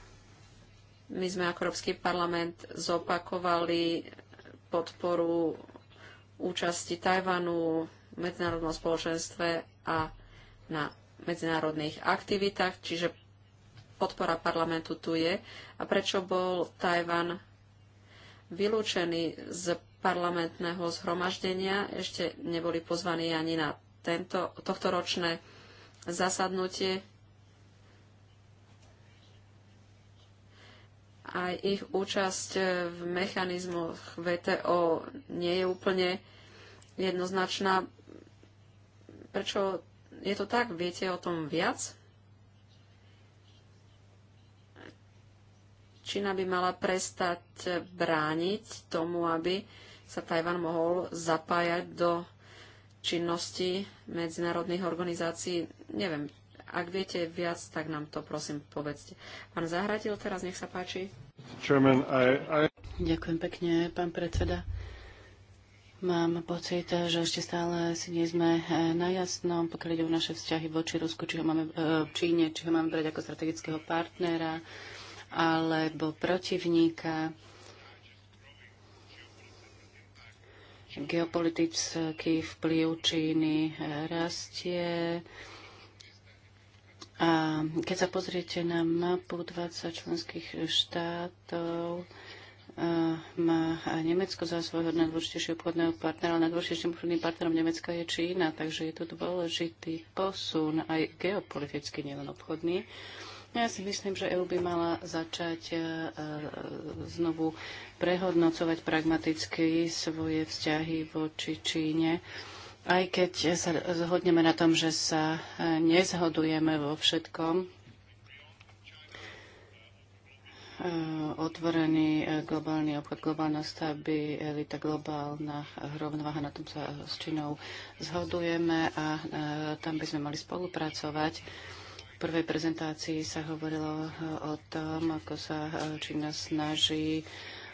my sme ako Európsky parlament zopakovali podporu účasti Tajvanu v medzinárodnom spoločenstve a na medzinárodných aktivitách, čiže podpora parlamentu tu je. A prečo bol Tajvan vylúčený z parlamentného zhromaždenia? Ešte neboli pozvaní ani na tento, ročné zasadnutie aj ich účasť v mechanizmoch VTO nie je úplne jednoznačná. Prečo je to tak? Viete o tom viac? Čína by mala prestať brániť tomu, aby sa Tajvan mohol zapájať do činnosti medzinárodných organizácií. Neviem, ak viete viac, tak nám to prosím povedzte. Pán Zahradil, teraz nech sa páči. Ďakujem pekne, pán predseda. Mám pocit, že ešte stále si nie sme eh, na jasnom, pokiaľ ide o naše vzťahy voči Rusku, či ho máme eh, v Číne, či ho máme brať ako strategického partnera alebo protivníka. Geopolitický vplyv Číny eh, rastie a keď sa pozriete na mapu 20 členských štátov, má Nemecko za svojho najdôležitejšieho obchodného partnera, ale najdôležitejším obchodným partnerom Nemecka je Čína, takže je to dôležitý posun, aj geopoliticky nielen obchodný. No ja si myslím, že EU by mala začať znovu prehodnocovať pragmaticky svoje vzťahy voči Číne aj keď sa zhodneme na tom, že sa e, nezhodujeme vo všetkom, e, otvorený e, globálny obchod, globálna elita globálna rovnováha, na tom sa s Čínou zhodujeme a tam by sme mali spolupracovať. V prvej prezentácii sa hovorilo o tom, ako sa Čína snaží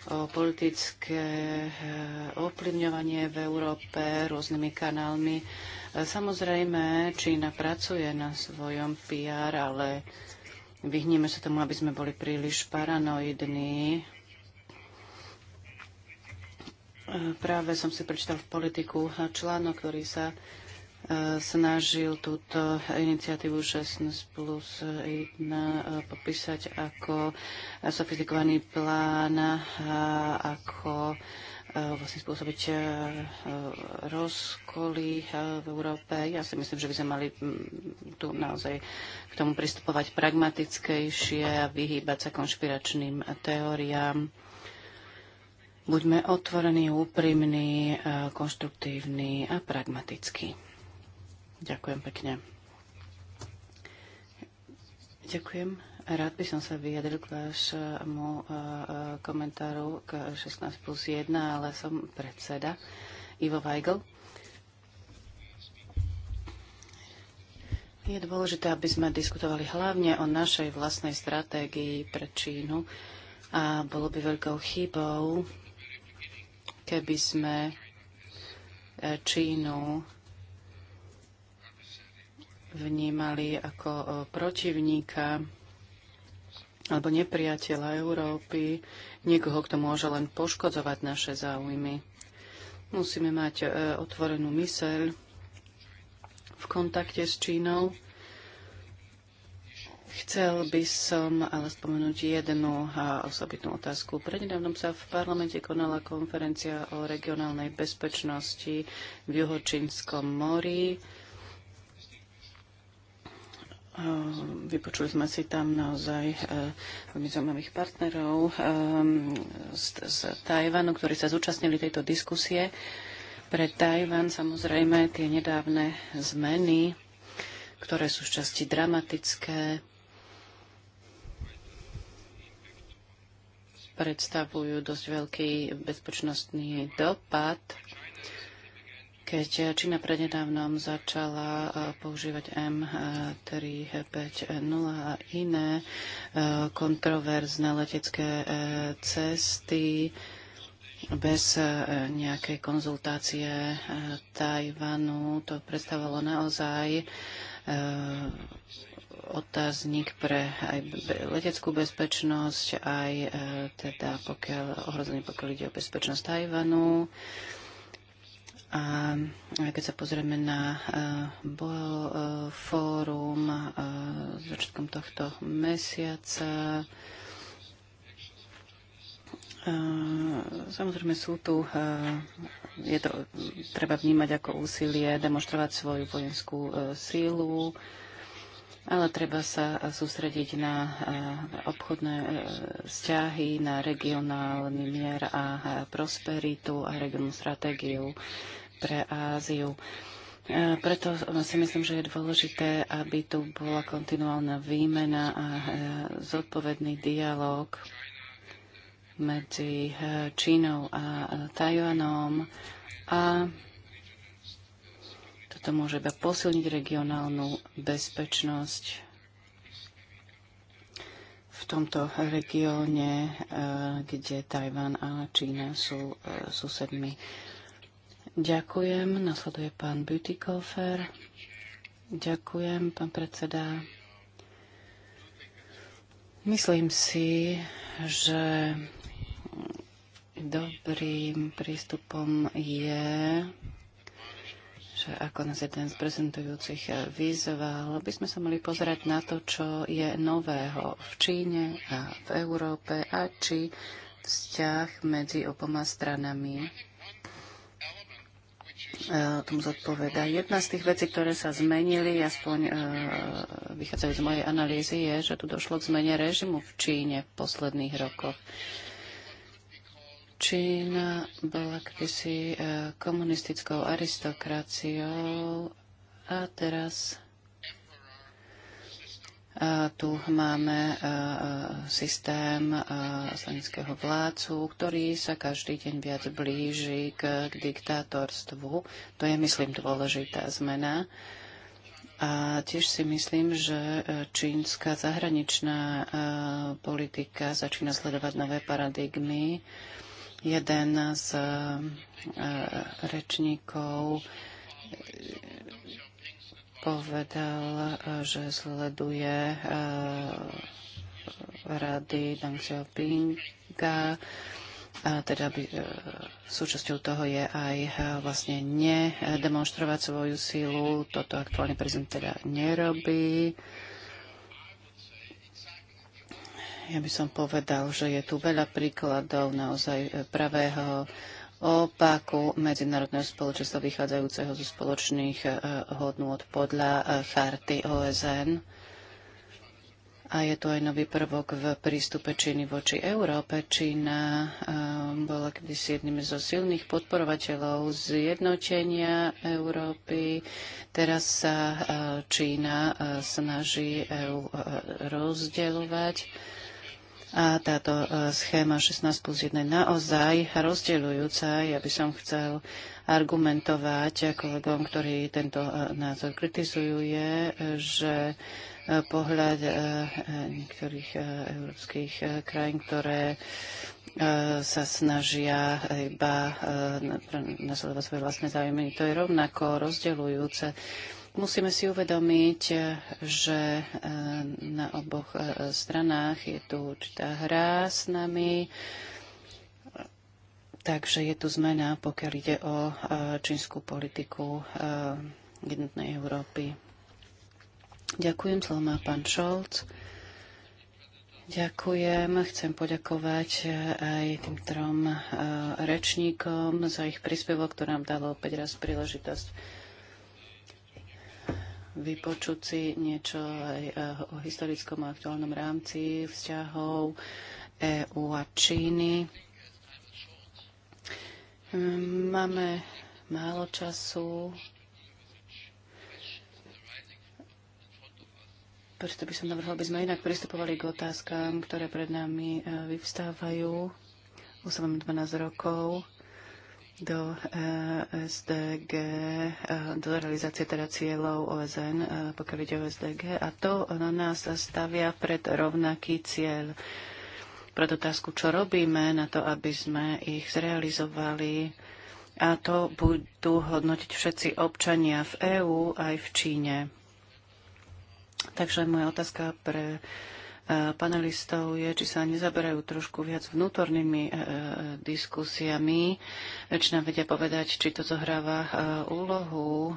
o politické eh, ovplyvňovanie v Európe rôznymi kanálmi. Eh, samozrejme, Čína pracuje na svojom PR, ale vyhníme sa tomu, aby sme boli príliš paranoidní. Eh, práve som si prečítal v politiku článok, ktorý sa snažil túto iniciatívu 16 plus 1 e, popísať ako sofistikovaný plán, ako e, vlastne spôsobiť e, rozkoly v Európe. Ja si myslím, že by sme mali tu naozaj k tomu pristupovať pragmatickejšie a vyhýbať sa konšpiračným teóriám. Buďme otvorení, úprimní, konštruktívni a pragmatickí. Ďakujem pekne. Ďakujem. Rád by som sa vyjadril k vášmu e, e, komentáru k 16 plus 1, ale som predseda Ivo Weigl. Je dôležité, aby sme diskutovali hlavne o našej vlastnej stratégii pre Čínu a bolo by veľkou chybou, keby sme e, Čínu vnímali ako e, protivníka alebo nepriateľa Európy, niekoho, kto môže len poškodzovať naše záujmy. Musíme mať e, otvorenú myseľ v kontakte s Čínou. Chcel by som ale spomenúť jednu osobitnú otázku. Prednedávnom sa v parlamente konala konferencia o regionálnej bezpečnosti v Juhočínskom mori Ehm, vypočuli sme si tam naozaj eh, veľmi zaujímavých partnerov ehm, z, z Tajvanu, ktorí sa zúčastnili tejto diskusie. Pre Tajvan samozrejme tie nedávne zmeny, ktoré sú v časti dramatické, predstavujú dosť veľký bezpečnostný dopad keď Čína prednedávnom začala eh, používať M350 a iné eh, kontroverzné letecké eh, cesty bez nejakej konzultácie Tajvanu. To predstavovalo naozaj otáznik pre aj leteckú bezpečnosť, aj teda pokiaľ, ohrozenie pokiaľ ide o bezpečnosť Tajvanu. A keď sa pozrieme na uh, fórum eh, začiatkom tohto mesiaca, Samozrejme sú tu, je to, treba vnímať ako úsilie demonstrovať svoju vojenskú sílu, ale treba sa sústrediť na obchodné vzťahy, na regionálny mier a prosperitu a regionálnu stratégiu pre Áziu. E, preto si myslím, že je dôležité, aby tu bola kontinuálna výmena a e, zodpovedný dialog medzi e, Čínou a Tajvanom a toto môže iba posilniť regionálnu bezpečnosť v tomto regióne, kde Tajvan a Čína sú susedmi. Ďakujem. Nasleduje pán Bütikofer. Ďakujem, pán predseda. Myslím si, že dobrým prístupom je že ako nás jeden z prezentujúcich vyzval, by sme sa mali pozerať na to, čo je nového v Číne a v Európe a či vzťah medzi oboma stranami E, tomu zodpoveda. Jedna z tých vecí, ktoré sa zmenili, aspoň e, vychádzajú z mojej analýzy, je, že tu došlo k zmene režimu v Číne v posledných rokoch. Čína bola kedysi e, komunistickou aristokraciou a teraz tu máme e, e, systém e, slovenského vládcu, ktorý sa každý deň viac blíži k, k diktátorstvu. To je, myslím, dôležitá zmena. A tiež si myslím, že čínska zahraničná politika začína sledovať nové paradigmy. Jeden z rečníkov povedal, že sleduje eh, rady Deng Xiaopinga. A teda by, eh, súčasťou toho je aj eh, vlastne nedemonstrovať svoju sílu. Toto aktuálny prezident teda nerobí. Ja by som povedal, že je tu veľa príkladov naozaj pravého opaku medzinárodného spoločenstva vychádzajúceho zo spoločných eh, hodnôt podľa eh, charty OSN. A je to aj nový prvok v prístupe Číny voči Európe. Čína eh, bola kedysi jedným zo silných podporovateľov zjednotenia Európy. Teraz sa Čína snaží EU rozdeľovať a táto e, schéma 16 plus 1 naozaj rozdeľujúca. Ja by som chcel argumentovať kolegom, ktorí tento e, názor kritizujú, je, že e, pohľad niektorých európskych krajín, ktoré sa snažia iba nasledovať svoje vlastné záujmy. To je rovnako rozdeľujúce. Musíme si uvedomiť, že eh, na oboch eh, stranách je tu určitá hra s nami, takže je tu zmena, pokiaľ ide o eh, čínsku politiku jednotnej Európy. Ďakujem, slovo má pán Šolc. Ďakujem. Chcem poďakovať aj tým trom rečníkom za ich príspevok, ktorý nám dalo opäť raz príležitosť vypočuť si niečo aj e, o historickom a aktuálnom rámci vzťahov EU a Číny. Máme málo času, preto by som navrhol, aby sme inak pristupovali k otázkam, ktoré pred nami e, vyvstávajú. Už som 12 rokov do eh, SDG, eh, do realizácie teda cieľov OSN, eh, pokiaľ ide o SDG. A to na nás stavia pred rovnaký cieľ. Pre otázku, čo robíme na to, aby sme ich zrealizovali. A to budú hodnotiť všetci občania v EÚ aj v Číne. Takže moja otázka pre panelistov je, či sa nezaberajú trošku viac vnútornými e, e, diskusiami, či nám vedia povedať, či to zohráva e, úlohu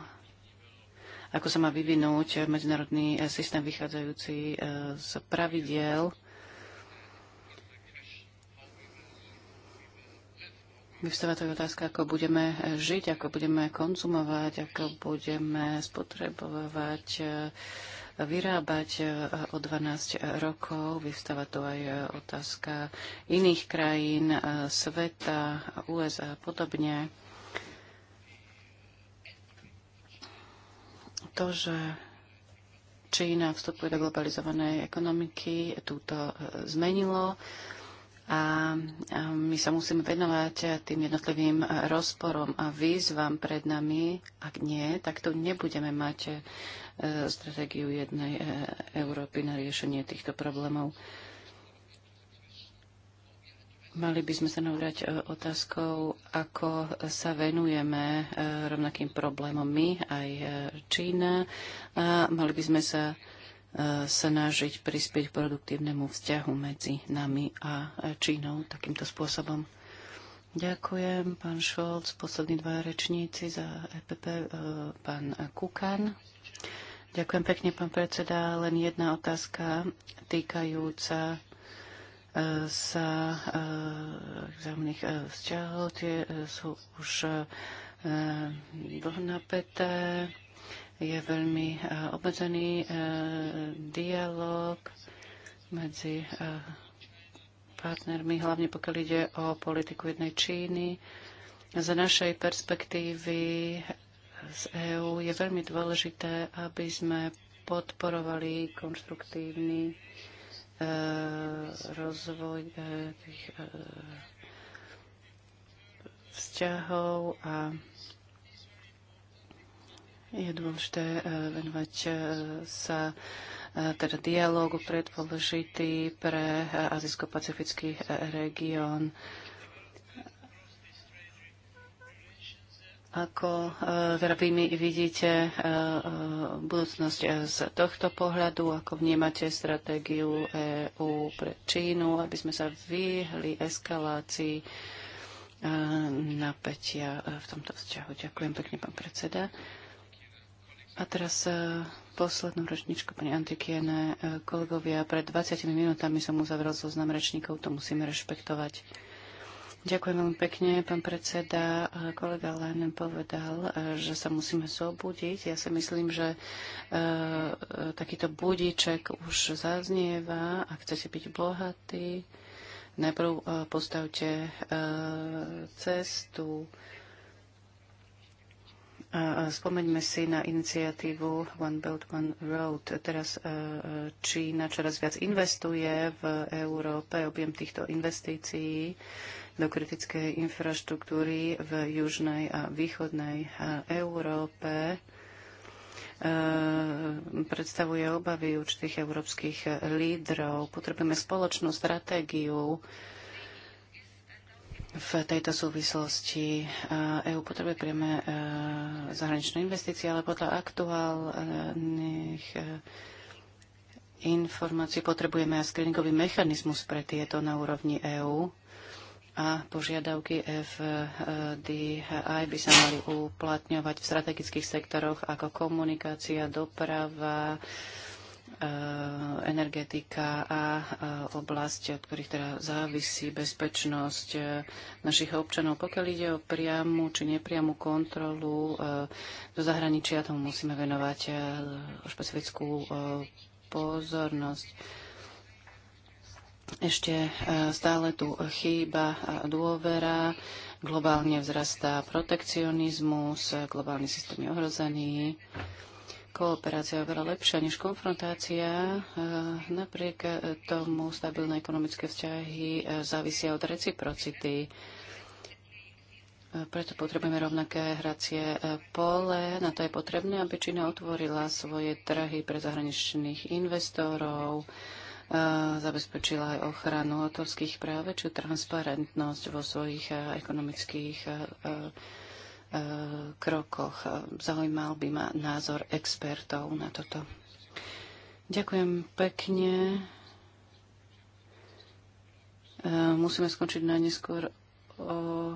ako sa má vyvinúť medzinárodný systém vychádzajúci z pravidiel. Vyvstáva to otázka, ako budeme žiť, ako budeme konzumovať, ako budeme spotrebovať vyrábať e, o 12 rokov. Vystáva tu aj otázka iných krajín, e, sveta, USA a podobne. To, že Čína vstupuje do globalizovanej ekonomiky, túto e, zmenilo a my sa musíme venovať tým jednotlivým rozporom a výzvam pred nami. Ak nie, tak tu nebudeme mať e, stratégiu jednej e, Európy na riešenie týchto problémov. Mali by sme sa navrať e, otázkou, ako sa venujeme rovnakým problémom my, aj Čína. A mali by sme sa snažiť prispieť k produktívnemu vzťahu medzi nami a Čínou takýmto spôsobom. Ďakujem, pán Šolc, poslední dva rečníci za EPP, e, pán Kukan. Ďakujem pekne, pán predseda. Len jedna otázka týkajúca e, sa e, vzájomných vzťahov. Tie sú už dlho napäté je veľmi e, obmedzený e, dialog medzi e, partnermi, hlavne pokiaľ ide o politiku jednej Číny. Z našej perspektívy z EÚ je veľmi dôležité, aby sme podporovali konštruktívny rozvoj tých vzťahov a je dôležité eh, venovať eh, sa eh, teda dialógu, ktorý je dôležitý pre Azijsko-Pacifický región. Ako teda vy vidíte budúcnosť z tohto pohľadu, ako vnímate stratégiu EÚ pre Čínu, aby sme sa vyhli eskalácii napätia v tomto vzťahu. Ďakujem pekne, pán predseda. A teraz e, poslednú ročničku pani Antikiene. E, kolegovia, pred 20 minútami som uzavrel zoznam rečníkov, to musíme rešpektovať. Ďakujem veľmi pekne, pán predseda. E, kolega len povedal, že sa musíme zobudiť. Ja si myslím, že takýto budiček už zaznieva. Ak chcete byť bohatí, najprv postavte cestu, Spomeňme si na iniciatívu One Belt, One Road. Teraz e, e, Čína čoraz viac investuje v Európe. Objem týchto investícií do kritickej infraštruktúry v južnej a východnej e, Európe predstavuje obavy určitých európskych lídrov. Potrebujeme spoločnú stratégiu v tejto súvislosti eh, EÚ potrebuje priame eh, zahraničné investície, ale podľa aktuálnych eh, informácií potrebujeme aj screeningový mechanizmus pre tieto na úrovni EÚ a požiadavky FDI by sa mali uplatňovať v strategických sektoroch ako komunikácia, doprava, Eh, energetika a eh, oblasť, od ktorých teda závisí bezpečnosť eh, našich občanov. Pokiaľ ide o priamu či nepriamu kontrolu do zahraničia, tomu musíme venovať špecifickú pozornosť. Ešte stále tu chýba dôvera, globálne vzrastá protekcionizmus, globálny systém je ohrozený. Kooperácia je oveľa lepšia než konfrontácia. Eh, Napriek eh, tomu stabilné ekonomické vzťahy eh, závisia od reciprocity. Preto potrebujeme rovnaké hracie pole. Na to je potrebné, aby Čína otvorila svoje trhy pre zahraničných investorov, zabezpečila aj ochranu autorských práv, či transparentnosť vo svojich ekonomických krokoch. Zaujímal by ma názor expertov na toto. Ďakujem pekne. Eh, musíme skončiť na neskôr o eh,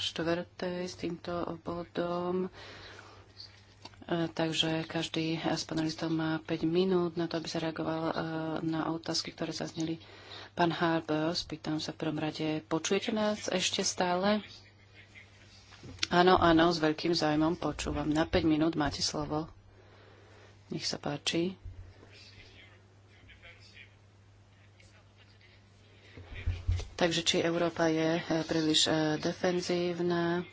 štvrtej s týmto bodom. Eh, takže každý z panelistov má 5 minút na to, aby sa reagoval na otázky, ktoré zazneli. Pán Harb, spýtam sa v prvom rade, počujete nás ešte stále? Áno, áno, s veľkým zájmom počúvam. Na 5 minút máte slovo. Nech sa páči. Takže či Európa je eh, príliš eh, defenzívna,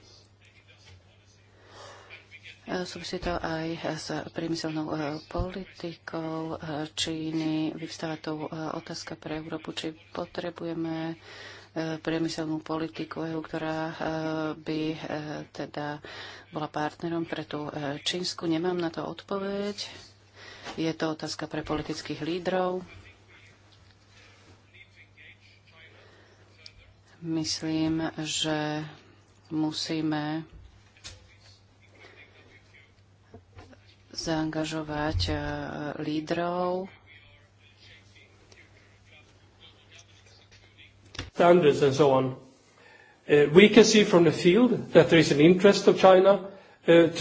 eh, Súvisí to aj s priemyselnou politikou Číny. Vyvstáva tu otázka pre Európu, či potrebujeme priemyselnú politiku EU, ktorá e, by e, teda bola partnerom pre tú e, Čínsku. Nemám na to odpoveď. Je to otázka pre politických lídrov. Myslím, že musíme zaangažovať lídrov standards and so on. Uh, we can see from the field that there is an interest of China uh,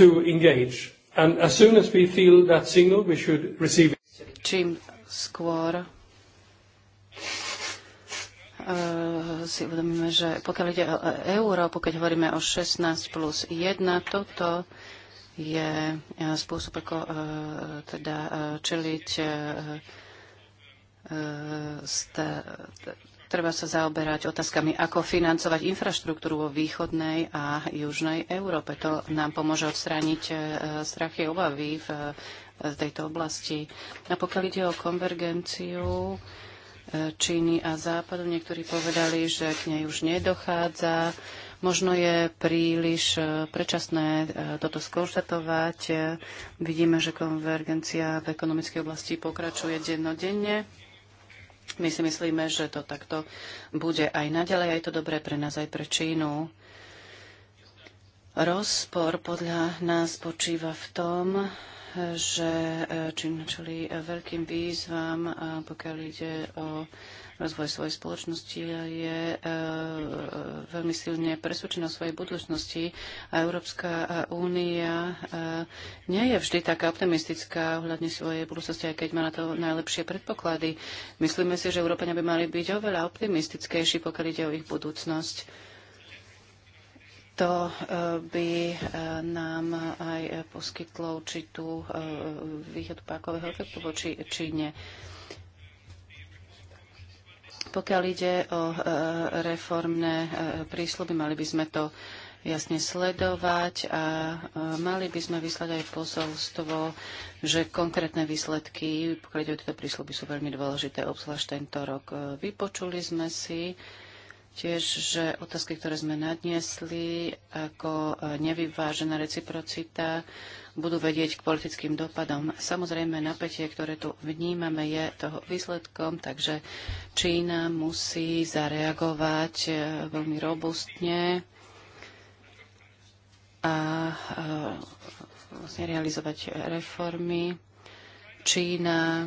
to engage. And as soon as we feel that signal, we should receive it. Čím skôr uh, si uvedomíme, že pokiaľ ide o e, Európu, keď hovoríme o 16 plus 1, toto je e, spôsob, ako uh, teda čeliť uh, sta, Treba sa zaoberať otázkami, ako financovať infraštruktúru vo východnej a južnej Európe. To nám pomôže odstrániť e, strachy a obavy e, v tejto oblasti. A pokiaľ ide o konvergenciu e, Číny a Západu, niektorí povedali, že k nej už nedochádza. Možno je príliš predčasné toto skonštatovať. Vidíme, že konvergencia v ekonomickej oblasti pokračuje dennodenne. My si myslíme, že to takto bude aj naďalej, aj to dobré pre nás, aj pre Čínu. Rozpor podľa nás počíva v tom, že Čína čeli veľkým výzvam, pokiaľ ide o rozvoj svojej spoločnosti a je eh, veľmi silne presvedčená o svojej budúcnosti. A Európska únia eh, nie je vždy taká optimistická ohľadne svojej budúcnosti, aj keď má na to najlepšie predpoklady. Myslíme si, že Európania by mali byť oveľa optimistickejší, pokiaľ ide o ich budúcnosť to eh, by nám aj poskytlo určitú výhodu pákového efektu voči Číne. Či pokiaľ ide o e, reformné e, prísluby, mali by sme to jasne sledovať a e, mali by sme vyslať aj posolstvo, že konkrétne výsledky, pokiaľ ide o tieto prísluby, sú veľmi dôležité, obzvlášť tento rok. Vypočuli sme si tiež, že otázky, ktoré sme nadniesli, ako nevyvážená reciprocita, budú vedieť k politickým dopadom. Samozrejme, napätie, ktoré tu vnímame, je toho výsledkom, takže Čína musí zareagovať e, veľmi robustne a e, vlastne realizovať reformy. Čína e,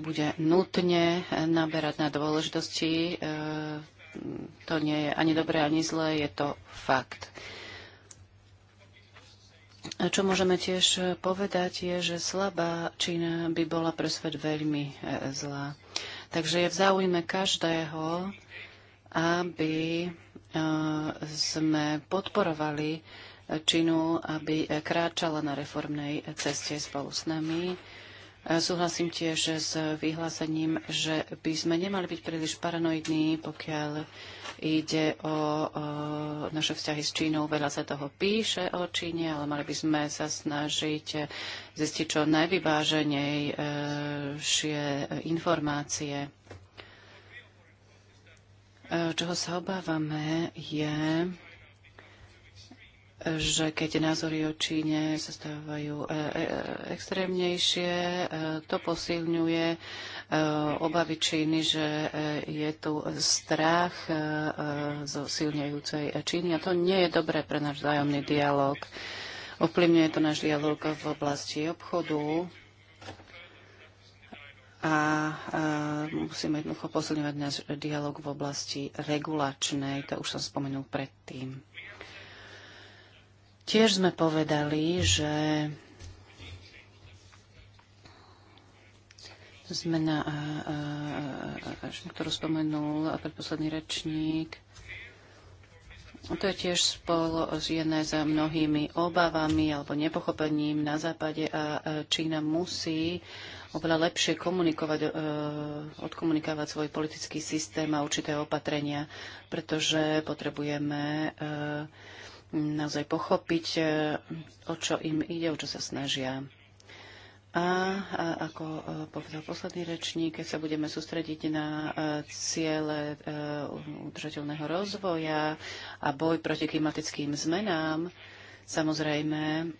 bude nutne naberať na dôležitosti. To nie je ani dobré, ani zlé, je to fakt. Čo môžeme tiež povedať je, že slabá Čína by bola pre svet veľmi e, zlá. Takže je v záujme každého, aby e, sme podporovali Čínu, aby kráčala na reformnej ceste spolu s nami E, súhlasím tiež s vyhlásením, že by sme nemali byť príliš paranoidní, pokiaľ ide o, o naše vzťahy s Čínou. Veľa sa toho píše o Číne, ale mali by sme sa snažiť zistiť čo najvyváženejšie e, informácie. E, čoho sa obávame je, že keď názory o Číne sa stávajú e, e, extrémnejšie, e, to posilňuje obavy Číny, že je tu strach zo silnejúcej Číny a to nie je dobré pre náš vzájomný dialog. Ovplyvňuje to náš dialog v oblasti obchodu a musíme jednoducho posilňovať náš dialog v oblasti regulačnej, to už som spomenul predtým. Tiež sme povedali, že zmena, ktorú spomenul predposledný rečník, to je tiež spolo jedné za mnohými obavami alebo nepochopením na západe a Čína musí oveľa lepšie komunikovať, e, odkomunikovať svoj politický systém a určité opatrenia, pretože potrebujeme e, naozaj pochopiť, e, o čo im ide, o čo sa snažia. A, a ako e, povedal posledný rečník, keď sa budeme sústrediť na e, ciele udržateľného rozvoja a boj proti klimatickým zmenám, samozrejme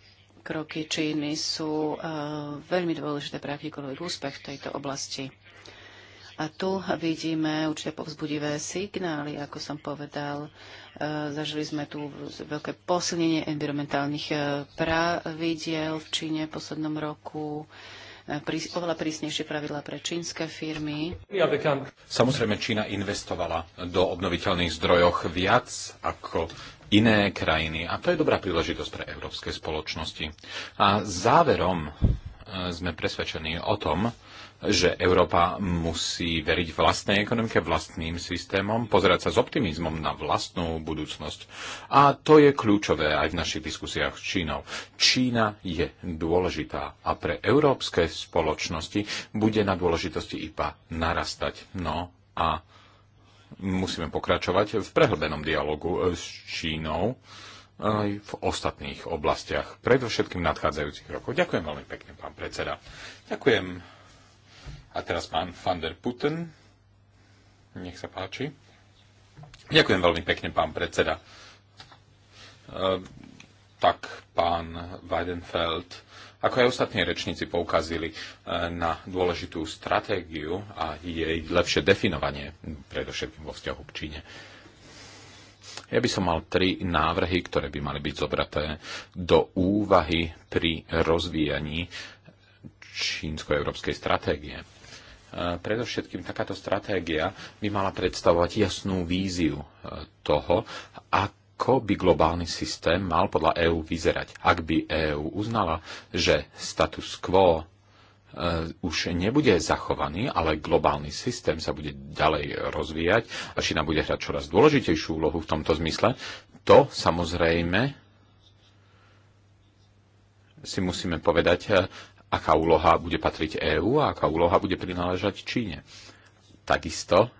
kroky Číny sú veľmi dôležité pre akýkoľvek úspech v tejto oblasti. A tu vidíme určite povzbudivé signály, ako som povedal. E, zažili sme tu veľké posilnenie environmentálnych e, pravidiel v Číne v poslednom roku e, prís, oveľa prísnejšie pravidlá pre čínske firmy. Samozrejme, Čína investovala do obnoviteľných zdrojoch viac ako iné krajiny a to je dobrá príležitosť pre európske spoločnosti. A záverom sme presvedčení o tom, že Európa musí veriť vlastnej ekonomike, vlastným systémom, pozerať sa s optimizmom na vlastnú budúcnosť. A to je kľúčové aj v našich diskusiách s Čínou. Čína je dôležitá a pre európske spoločnosti bude na dôležitosti iba narastať. No a musíme pokračovať v prehlbenom dialogu s Čínou aj v ostatných oblastiach, predovšetkým nadchádzajúcich rokov. Ďakujem veľmi pekne, pán predseda. Ďakujem a teraz pán van der Putten. Nech sa páči. Ďakujem veľmi pekne, pán predseda. E, tak, pán Weidenfeld, ako aj ostatní rečníci poukazili e, na dôležitú stratégiu a jej lepšie definovanie, predovšetkým vo vzťahu k Číne. Ja by som mal tri návrhy, ktoré by mali byť zobraté do úvahy pri rozvíjaní čínsko-európskej stratégie Predovšetkým takáto stratégia by mala predstavovať jasnú víziu e, toho, ako by globálny systém mal podľa EÚ vyzerať. Ak by EÚ uznala, že status quo e, už nebude zachovaný, ale globálny systém sa bude ďalej rozvíjať a Čína bude hrať čoraz dôležitejšiu úlohu v tomto zmysle, to samozrejme si musíme povedať, e, aká úloha bude patriť EÚ a aká úloha bude prináležať Číne. Takisto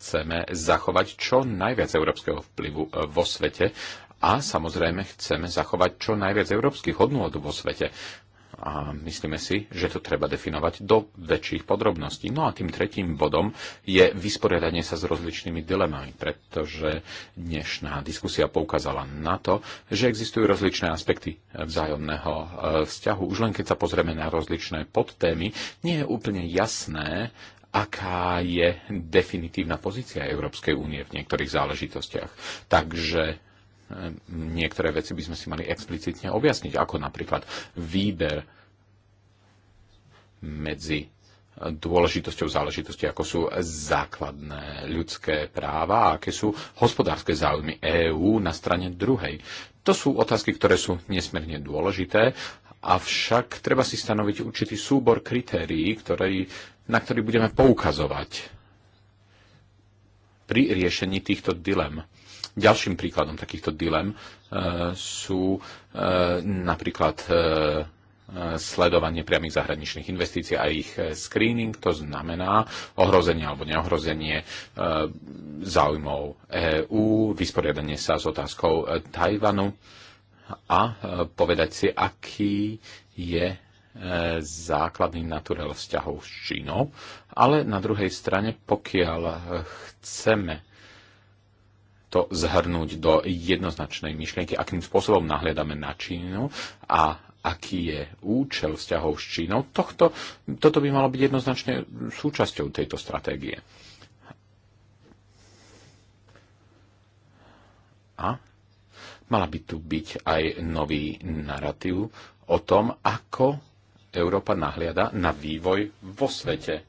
chceme zachovať čo najviac európskeho vplyvu e, vo svete a samozrejme chceme zachovať čo najviac európskych hodnôt vo svete. A myslíme si, že to treba definovať do väčších podrobností. No a tým tretím bodom je vysporiadanie sa s rozličnými dilemami, pretože dnešná diskusia poukázala na to, že existujú rozličné aspekty vzájomného e, vzťahu. Už len keď sa pozrieme na rozličné podtémy, nie je úplne jasné, aká je definitívna pozícia Európskej únie v niektorých záležitostiach. Takže niektoré veci by sme si mali explicitne objasniť, ako napríklad výber medzi dôležitosťou záležitosti, ako sú základné ľudské práva a aké sú hospodárske záujmy EÚ na strane druhej. To sú otázky, ktoré sú nesmierne dôležité, avšak treba si stanoviť určitý súbor kritérií, ktorý, na ktorý budeme poukazovať pri riešení týchto dilem Ďalším príkladom takýchto dilem e, sú e, napríklad e, sledovanie priamých zahraničných investícií a ich screening, to znamená ohrozenie alebo neohrozenie záujmov EÚ, vysporiadanie sa s otázkou Tajvanu a povedať si, aký je základný naturel vzťahov s Čínou, ale na druhej strane, pokiaľ chceme to zhrnúť do jednoznačnej myšlienky, akým spôsobom nahliadame na Čínu a aký je účel vzťahov s Čínou. Tohto, toto by malo byť jednoznačne súčasťou tejto stratégie. A mala by tu byť aj nový narratív o tom, ako Európa nahliada na vývoj vo svete.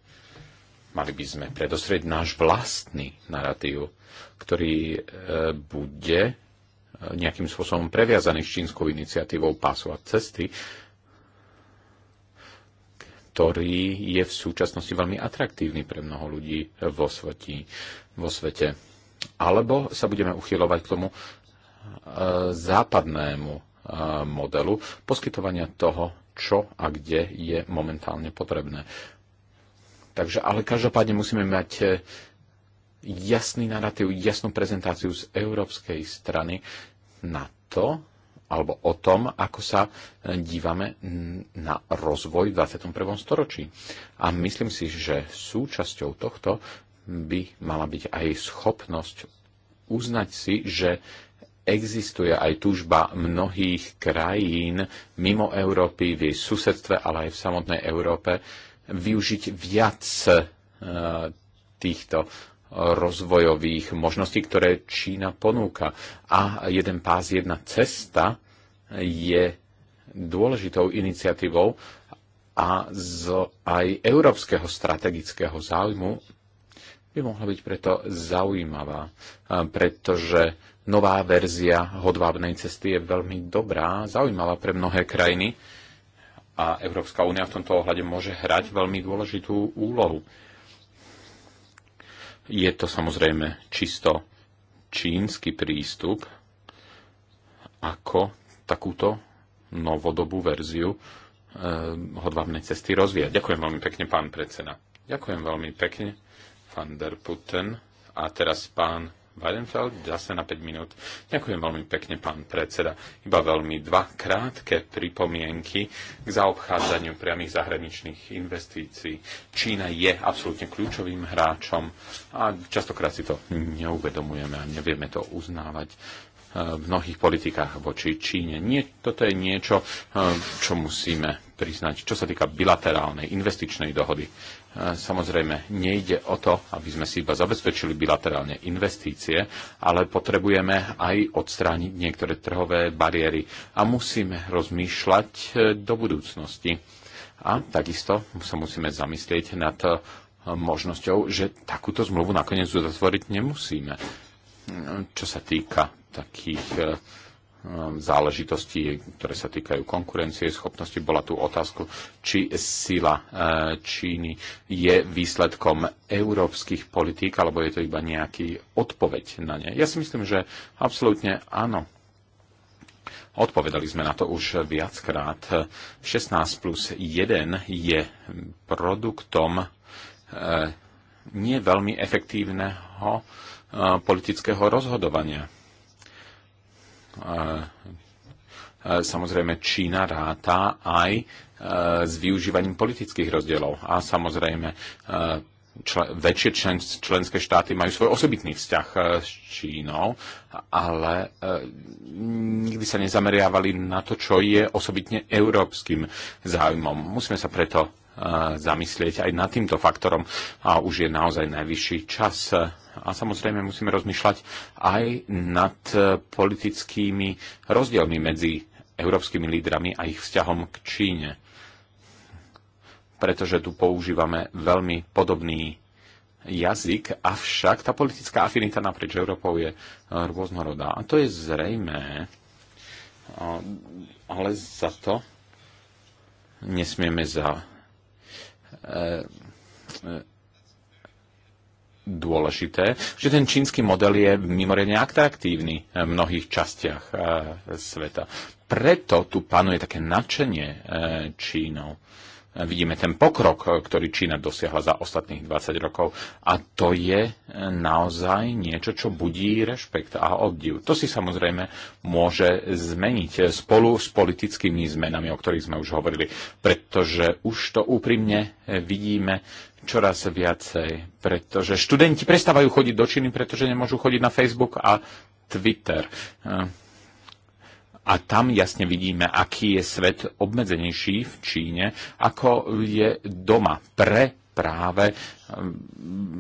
Mali by sme predostrieť náš vlastný narratív ktorý e, bude e, nejakým spôsobom previazaný s čínskou iniciatívou pásovať cesty, ktorý je v súčasnosti veľmi atraktívny pre mnoho ľudí vo, svetí, vo svete. Alebo sa budeme uchylovať k tomu e, západnému e, modelu poskytovania toho, čo a kde je momentálne potrebné. Takže, ale každopádne musíme mať e, jasný narratív, jasnú prezentáciu z európskej strany na to, alebo o tom, ako sa e, dívame na rozvoj v 21. storočí. A myslím si, že súčasťou tohto by mala byť aj schopnosť uznať si, že existuje aj túžba mnohých krajín mimo Európy, v jej susedstve, ale aj v samotnej Európe, využiť viac e, týchto rozvojových možností, ktoré Čína ponúka. A jeden pás, jedna cesta je dôležitou iniciatívou a z aj európskeho strategického záujmu by mohla byť preto zaujímavá, pretože nová verzia hodvábnej cesty je veľmi dobrá, zaujímavá pre mnohé krajiny a Európska únia v tomto ohľade môže hrať veľmi dôležitú úlohu. Je to samozrejme čisto čínsky prístup, ako takúto novodobú verziu e, hodvábnej cesty rozvíjať. Ďakujem veľmi pekne, pán predseda. Ďakujem veľmi pekne, pán Der Putten. A teraz pán Weidenfeld, zase na 5 minút. Ďakujem veľmi pekne, pán predseda. Iba veľmi dva krátke pripomienky k zaobchádzaniu priamých zahraničných investícií. Čína je absolútne kľúčovým hráčom a častokrát si to neuvedomujeme a nevieme to uznávať eh, v mnohých politikách voči Číne. Nie, toto je niečo, eh, čo musíme priznať, čo sa týka bilaterálnej investičnej dohody Samozrejme, nejde o to, aby sme si iba zabezpečili bilaterálne investície, ale potrebujeme aj odstrániť niektoré trhové bariéry a musíme rozmýšľať e, do budúcnosti. A takisto sa musíme zamyslieť nad e, možnosťou, že takúto zmluvu nakoniec uzatvoriť nemusíme. E, čo sa týka takých Um, záležitosti, ktoré sa týkajú konkurencie, schopnosti. Bola tu otázka, či sila uh, Číny je výsledkom európskych politík, alebo je to iba nejaký odpoveď na ne. Ja si myslím, že absolútne áno. Odpovedali sme na to už viackrát. 16 plus 1 je produktom uh, nie veľmi efektívneho uh, politického rozhodovania Samozrejme, Čína ráta aj e, s využívaním politických rozdielov. A samozrejme, e, člen, väčšie člen, členské štáty majú svoj osobitný vzťah e, s Čínou, ale nikdy sa nezameriavali na to, čo je osobitne európskym záujmom. Musíme sa preto zamyslieť aj nad týmto faktorom a už je naozaj najvyšší čas. A samozrejme musíme rozmýšľať aj nad politickými rozdielmi medzi európskymi lídrami a ich vzťahom k Číne. Pretože tu používame veľmi podobný jazyk, avšak tá politická afinita naprieč Európou je rôznorodá. A to je zrejmé, ale za to nesmieme za E, e, dôležité, že ten čínsky model je mimoriadne atraktívny v mnohých častiach e, sveta. Preto tu panuje také nadšenie Čínov vidíme ten pokrok, ktorý Čína dosiahla za ostatných 20 rokov. A to je e, naozaj niečo, čo budí rešpekt a obdiv. To si samozrejme môže zmeniť spolu s politickými zmenami, o ktorých sme už hovorili, pretože už to úprimne e, vidíme čoraz viacej, pretože študenti prestávajú chodiť do Číny, pretože nemôžu chodiť na Facebook a Twitter e, a tam jasne vidíme, aký je svet obmedzenejší v Číne, ako je doma pre práve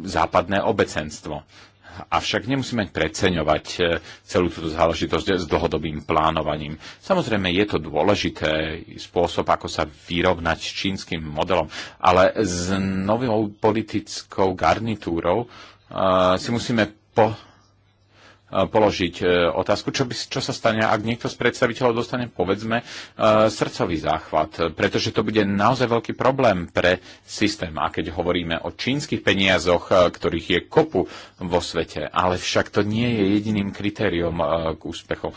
západné obecenstvo. Avšak nemusíme preceňovať e, celú túto záležitosť s dlhodobým plánovaním. Samozrejme, je to dôležité spôsob, ako sa vyrovnať s čínskym modelom, ale s novou politickou garnitúrou uh, si musíme po, E, položiť e, otázku, čo, by, čo sa stane, ak niekto z predstaviteľov dostane, povedzme, e, srdcový záchvat, pretože to bude naozaj veľký problém pre systém. A keď hovoríme o čínskych peniazoch, ktorých je kopu vo svete, ale však to nie je jediným kritériom k úspechu.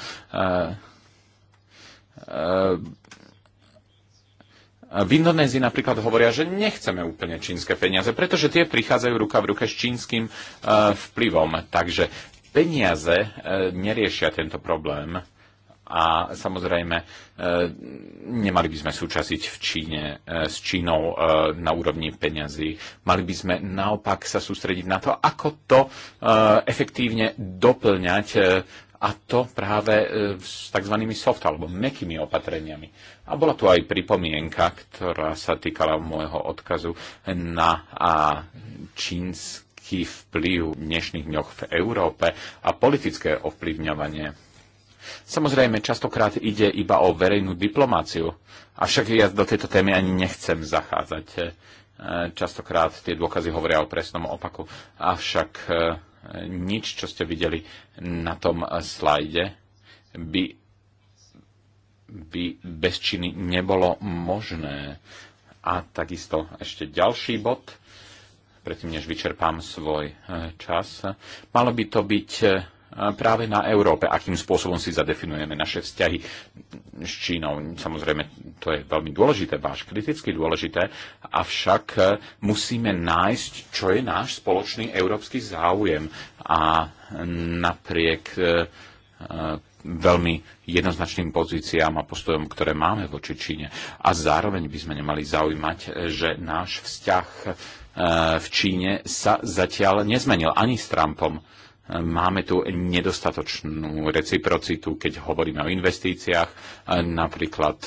V Indonézii napríklad hovoria, že nechceme úplne čínske peniaze, pretože tie prichádzajú ruka v ruke s čínskym vplyvom. Takže peniaze e, neriešia tento problém a samozrejme e, nemali by sme súčasiť v Číne e, s Čínou na úrovni peňazí. Mali by sme naopak sa sústrediť na to, ako to efektívne doplňať a to práve s tzv. soft alebo mekými opatreniami. A bola tu aj pripomienka, ktorá sa týkala môjho odkazu na čínsk politický vplyv v dnešných dňoch v Európe a politické ovplyvňovanie. Samozrejme, častokrát ide iba o verejnú diplomáciu, avšak ja do tejto témy ani nechcem zachádzať. E, častokrát tie dôkazy hovoria o presnom opaku. Avšak e, nič, čo ste videli na tom slajde, by, by bez činy nebolo možné. A takisto ešte ďalší bod – predtým než vyčerpám svoj eh, čas. Malo by to byť eh, práve na Európe, akým spôsobom si zadefinujeme naše vzťahy s Čínou. Samozrejme, to je veľmi dôležité, váš kriticky dôležité, avšak eh, musíme nájsť, čo je náš spoločný európsky záujem. A napriek veľmi jednoznačným pozíciám a postojom, ktoré máme voči Číne. A zároveň by sme nemali zaujímať, že náš vzťah E, v Číne sa zatiaľ nezmenil ani s Trumpom. E, máme tu nedostatočnú reciprocitu, keď hovoríme o investíciách. E, napríklad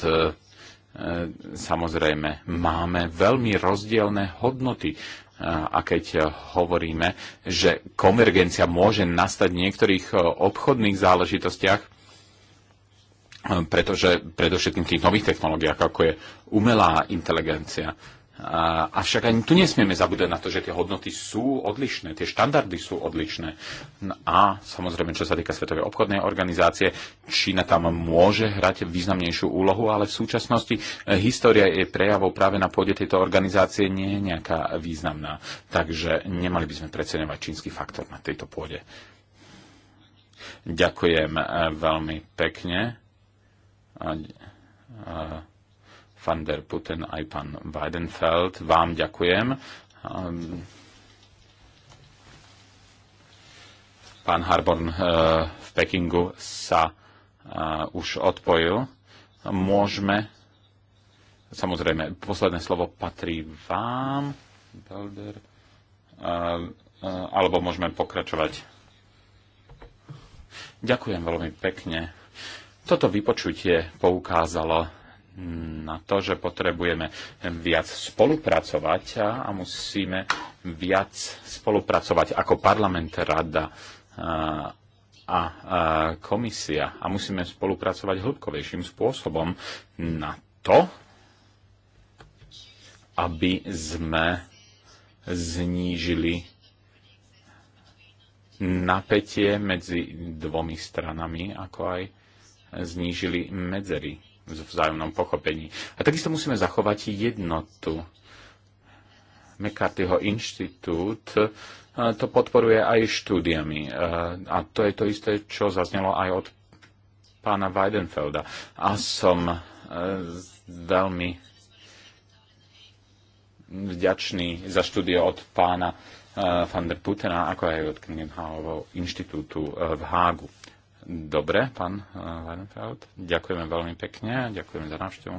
samozrejme máme veľmi rozdielne hodnoty a keď hovoríme, že konvergencia môže nastať v niektorých obchodných záležitostiach, pretože predovšetkým v tých nových technológiách, ako je umelá inteligencia, Avšak ani tu nesmieme zabúdať na to, že tie hodnoty sú odlišné, tie štandardy sú odlišné. No a samozrejme, čo sa týka Svetovej obchodnej organizácie, Čína tam môže hrať významnejšiu úlohu, ale v súčasnosti e, história je prejavou práve na pôde tejto organizácie nie je nejaká významná. Takže nemali by sme preceňovať čínsky faktor na tejto pôde. Ďakujem e, veľmi pekne. A, a, e, van der Putten aj pán Weidenfeld. Vám ďakujem. Ehm, pán Harborn eh, v Pekingu sa eh, už odpojil. Môžeme. Samozrejme, posledné slovo patrí vám, Belder. Ehm, eh, alebo môžeme pokračovať. Ďakujem veľmi pekne. Toto vypočutie poukázalo na to, že potrebujeme viac spolupracovať a, a musíme viac spolupracovať ako parlament, rada a, a komisia. A musíme spolupracovať hĺbkovejším spôsobom na to, aby sme znížili napätie medzi dvomi stranami, ako aj znížili medzery v vzájomnom pochopení. A takisto musíme zachovať jednotu. McCarthyho inštitút e, to podporuje aj štúdiami. E, a to je to isté, čo zaznelo aj od pána Weidenfelda. A som e, veľmi vďačný za štúdio od pána van der Putena, ako aj od Kninghauovho inštitútu v Hágu. Dobre, pán Leinfeld, eh, ďakujeme veľmi pekne a ďakujeme za návštevu.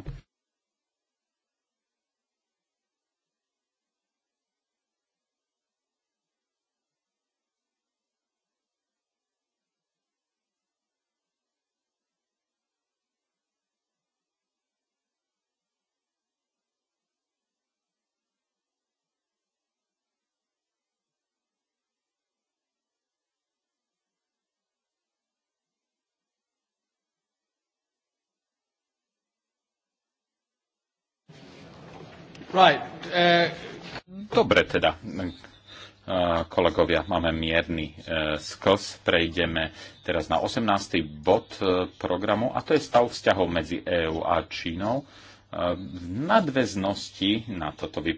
Eh, Dobre teda, eh, kolegovia, máme mierny eh, skos. Prejdeme teraz na 18. bod programu a to je stav vzťahov medzi EÚ a Čínou v nadväznosti na toto vypočutie.